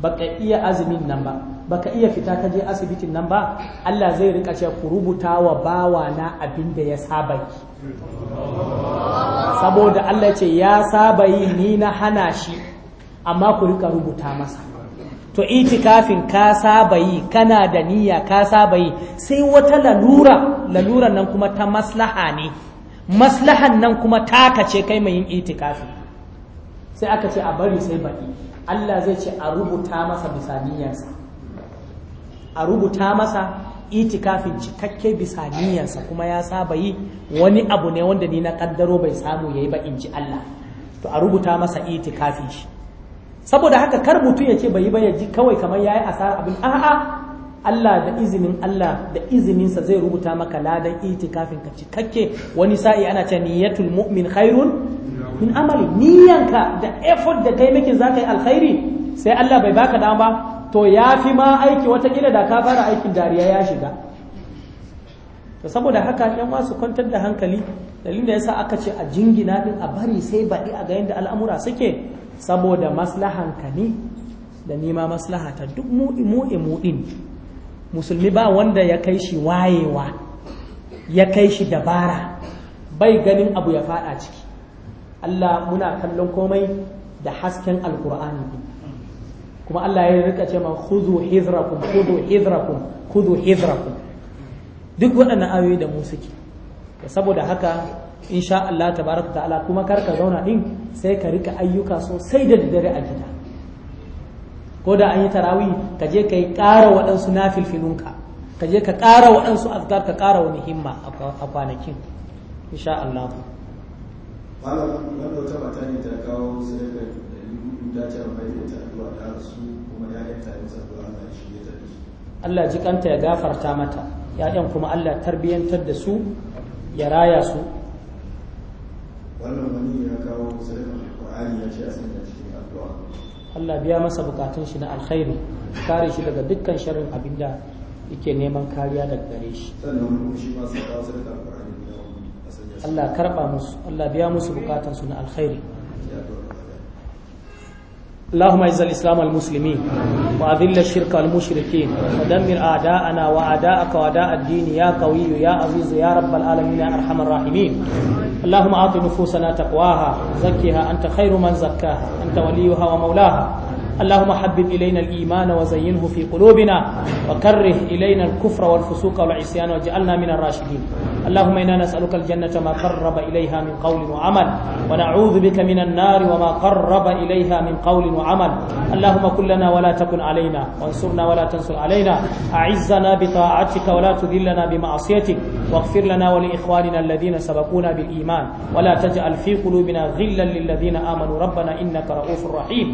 baka iya azumin nan ba baka iya fita ka je asibitin nan ba Allah zai rika ce ku rubuta wa bawa na abin da ya saba yi saboda Allah ce ya saba yi ni na hana shi amma ku rika rubuta masa to itikafin ka saba yi kana da niyya ka saba yi sai wata lalura lalura nan kuma ta maslaha ne maslahan nan kuma taka ce kai mai yin itikafi sai aka ce a bari sai baki Allah zai ce a rubuta masa bisa niyyarsa a rubuta masa itikafin cikakke bisa niyyarsa kuma ya saba yi wani abu ne wanda ni na kaddaro bai samu yayi ba in ji Allah to a rubuta masa itikafin shi saboda haka kar mutum ya ce bai yi ba ya ji kawai kamar yayi asara abin a'a Allah da izinin Allah da izininsa zai rubuta maka ladan itikafin ka cikakke wani sa'i ana ce niyyatul mu'min khairun min amali niyyanka da effort da kai miki zaka yi alkhairi sai Allah bai baka dama ba to fi ma aiki wata kila da ka fara aikin dariya ya shiga to saboda haka yan wasu kwantar da hankali dalilin da yasa aka ce a jingina din a bari sai baɗi a ga yadda al'amura suke saboda maslahan ka ne da nima maslaha ta duk mu'i-mu'i-mu'in. din musulmi ba wanda ya kai shi wayewa ya kai shi dabara bai ganin abu ya fada ciki Allah muna kallon komai da hasken alkur'ani kuma Allah ya rika ce ma khudhu hizrakum khudhu hizrakum khudhu hizrakum duk waɗannan ayoyi da mu suke saboda haka insha Allah tabaraka ta'ala kuma kar ka zauna din sai ka rika ayyuka sosai da dare a gida ko da an yi tarawi ka je ka yi ƙara waɗansu na filfilunka ka je ka ƙara waɗansu azkar ka ƙara wani himma a kwanakin insha Allah Wannan wanda wata mata ne ta kawo sadakar da yi ta ce amfani da ta addu'a ta rasu kuma ya ta yin addu'a Allah shi ne ta su Allah jikanta ya gafarta mata ya'yan kuma Allah tarbiyyantar da su ya raya su wannan wani ya kawo sadakar Qur'ani ya ce a san sanya cikin addu'a Allah biya masa bukatun shi na alkhairi kare shi daga dukkan sharrin abinda yake neman kariya daga gare shi Allah karba musu Allah biya musu bukatun su na alkhairi اللهم اعز الاسلام المسلمين واذل الشرك المشركين ودمر اعداءنا واعداءك واعداء الدين يا قوي يا عزيز يا رب العالمين يا ارحم الراحمين اللهم اعط نفوسنا تقواها زكها انت خير من زكاها انت وليها ومولاها اللهم حبب إلينا الإيمان وزينه في قلوبنا وكره إلينا الكفر والفسوق والعصيان واجعلنا من الراشدين اللهم إنا نسألك الجنة ما قرب إليها من قول وعمل ونعوذ بك من النار وما قرب إليها من قول وعمل اللهم كن لنا ولا تكن علينا وانصرنا ولا تنصر علينا أعزنا بطاعتك ولا تذلنا بمعصيتك واغفر لنا ولإخواننا الذين سبقونا بالإيمان ولا تجعل في قلوبنا غلا للذين آمنوا ربنا إنك رؤوف رحيم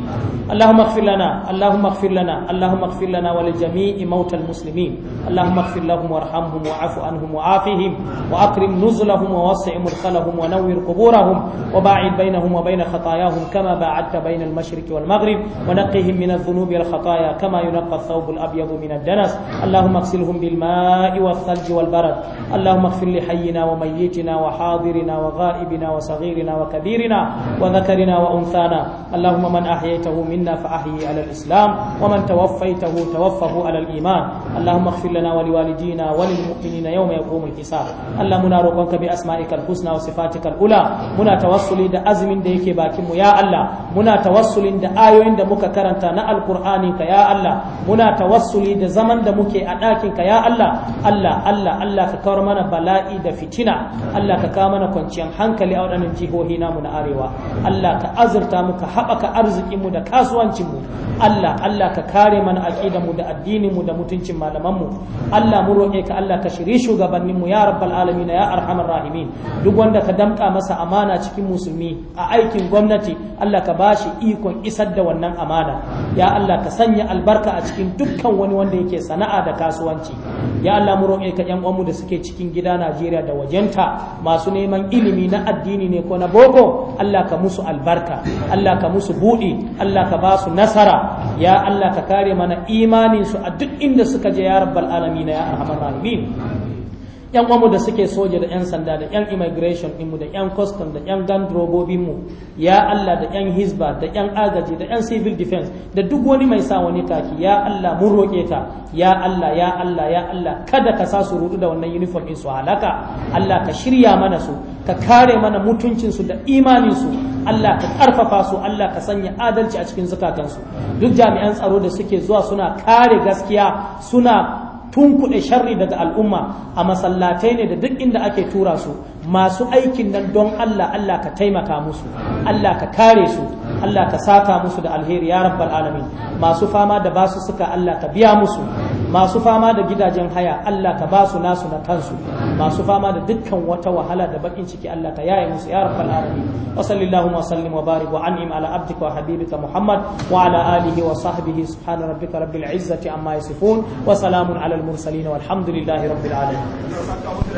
اللهم اغفر لنا اللهم اغفر لنا اللهم اغفر لنا ولجميع موتى المسلمين اللهم اغفر لهم وارحمهم واعف عنهم وعافهم وأكرم نزلهم ووسع مدخلهم ونور قبورهم وباعد بينهم وبين خطاياهم كما باعدت بين المشرق والمغرب ونقهم من الذنوب والخطايا كما ينقى الثوب الأبيض من الدنس اللهم اغسلهم بالماء والثلج والبرد اللهم اللهم اغفر لحينا وميتنا وحاضرنا وغائبنا وصغيرنا وكبيرنا وذكرنا وأنثانا اللهم من أحييته منا فأحيي على الإسلام ومن توفيته توفه على الإيمان اللهم اغفر لنا ولوالدينا وللمؤمنين يوم يقوم الحساب اللهم نروقك بأسمائك الحسنى وصفاتك الأولى منا توصلي دا أزمن دا يكي باكم يا الله منا توصلي دا آيوين دا muka karanta na alkur'ani ka ya Allah muna tawassuli da zaman da muke a ɗakin ka ya Allah Allah Allah Allah ka kawar mana bala'i da fitina Allah ka kawo mana kwanciyar hankali a waɗannan jihohi namu na arewa Allah ka azurta mu ka haɓaka arzikinmu da kasuwancinmu Allah Allah ka kare mana mu da addininmu da mutuncin malamanmu Allah mu roƙe ka Allah ka shiri shugabanninmu ya rabbal alamin ya arhamar rahimin duk wanda ka damƙa masa amana cikin musulmi a aikin gwamnati Allah ka bashi ikon isar da wannan amana ya Allah ka sanya albarka a cikin dukkan wani wanda yake sana'a da kasuwanci ya Allah mu roƙe ka ƴan uwanmu da suke ciki cikin gida Najeriya da wajenta masu neman ilimi na addini ne ko na boko Allah ka musu albarka Allah ka musu buɗi Allah ka ba su nasara ya Allah ka kare mana imanin su a duk inda suka je ya rabbal alamin ya arhamar rahimin yan uwanmu da suke soja da yan sanda da yan immigration ɗinmu da yan custom da yan gun mu. ya Allah da yan hisba da yan agaji da yan civil defense da duk wani mai sa wani kaki ya Allah mun roƙe ta. ya Allah ya Allah ya Allah kada ka sa su rudu da wannan uniform din su halaka Allah ka shirya mana su ka kare mana mutuncin su da imanin su Allah ka karfafa su Allah ka sanya adalci a cikin zukatansu duk jami'an tsaro da suke zuwa suna kare gaskiya suna tunkuɗe sharri daga al'umma a masallatai ne da duk inda ake tura su masu aikin nan don Allah Allah ka taimaka musu Allah ka kare su Allah ka saka musu da alheri ya rabbal alamin masu fama da basu suka Allah ka biya musu masu fama da gidajen haya Allah ka ba su nasu na kansu masu fama da dukkan wata wahala da bakin ciki Allah ka yaye musu ya rabbal alamin wa sallallahu wa sallim wa barik wa an'im ala abdika wa habibika Muhammad wa ala alihi wa sahbihi subhana rabbika rabbil izzati amma yasifun wa salamun ala al mursalin walhamdulillahi rabbil alamin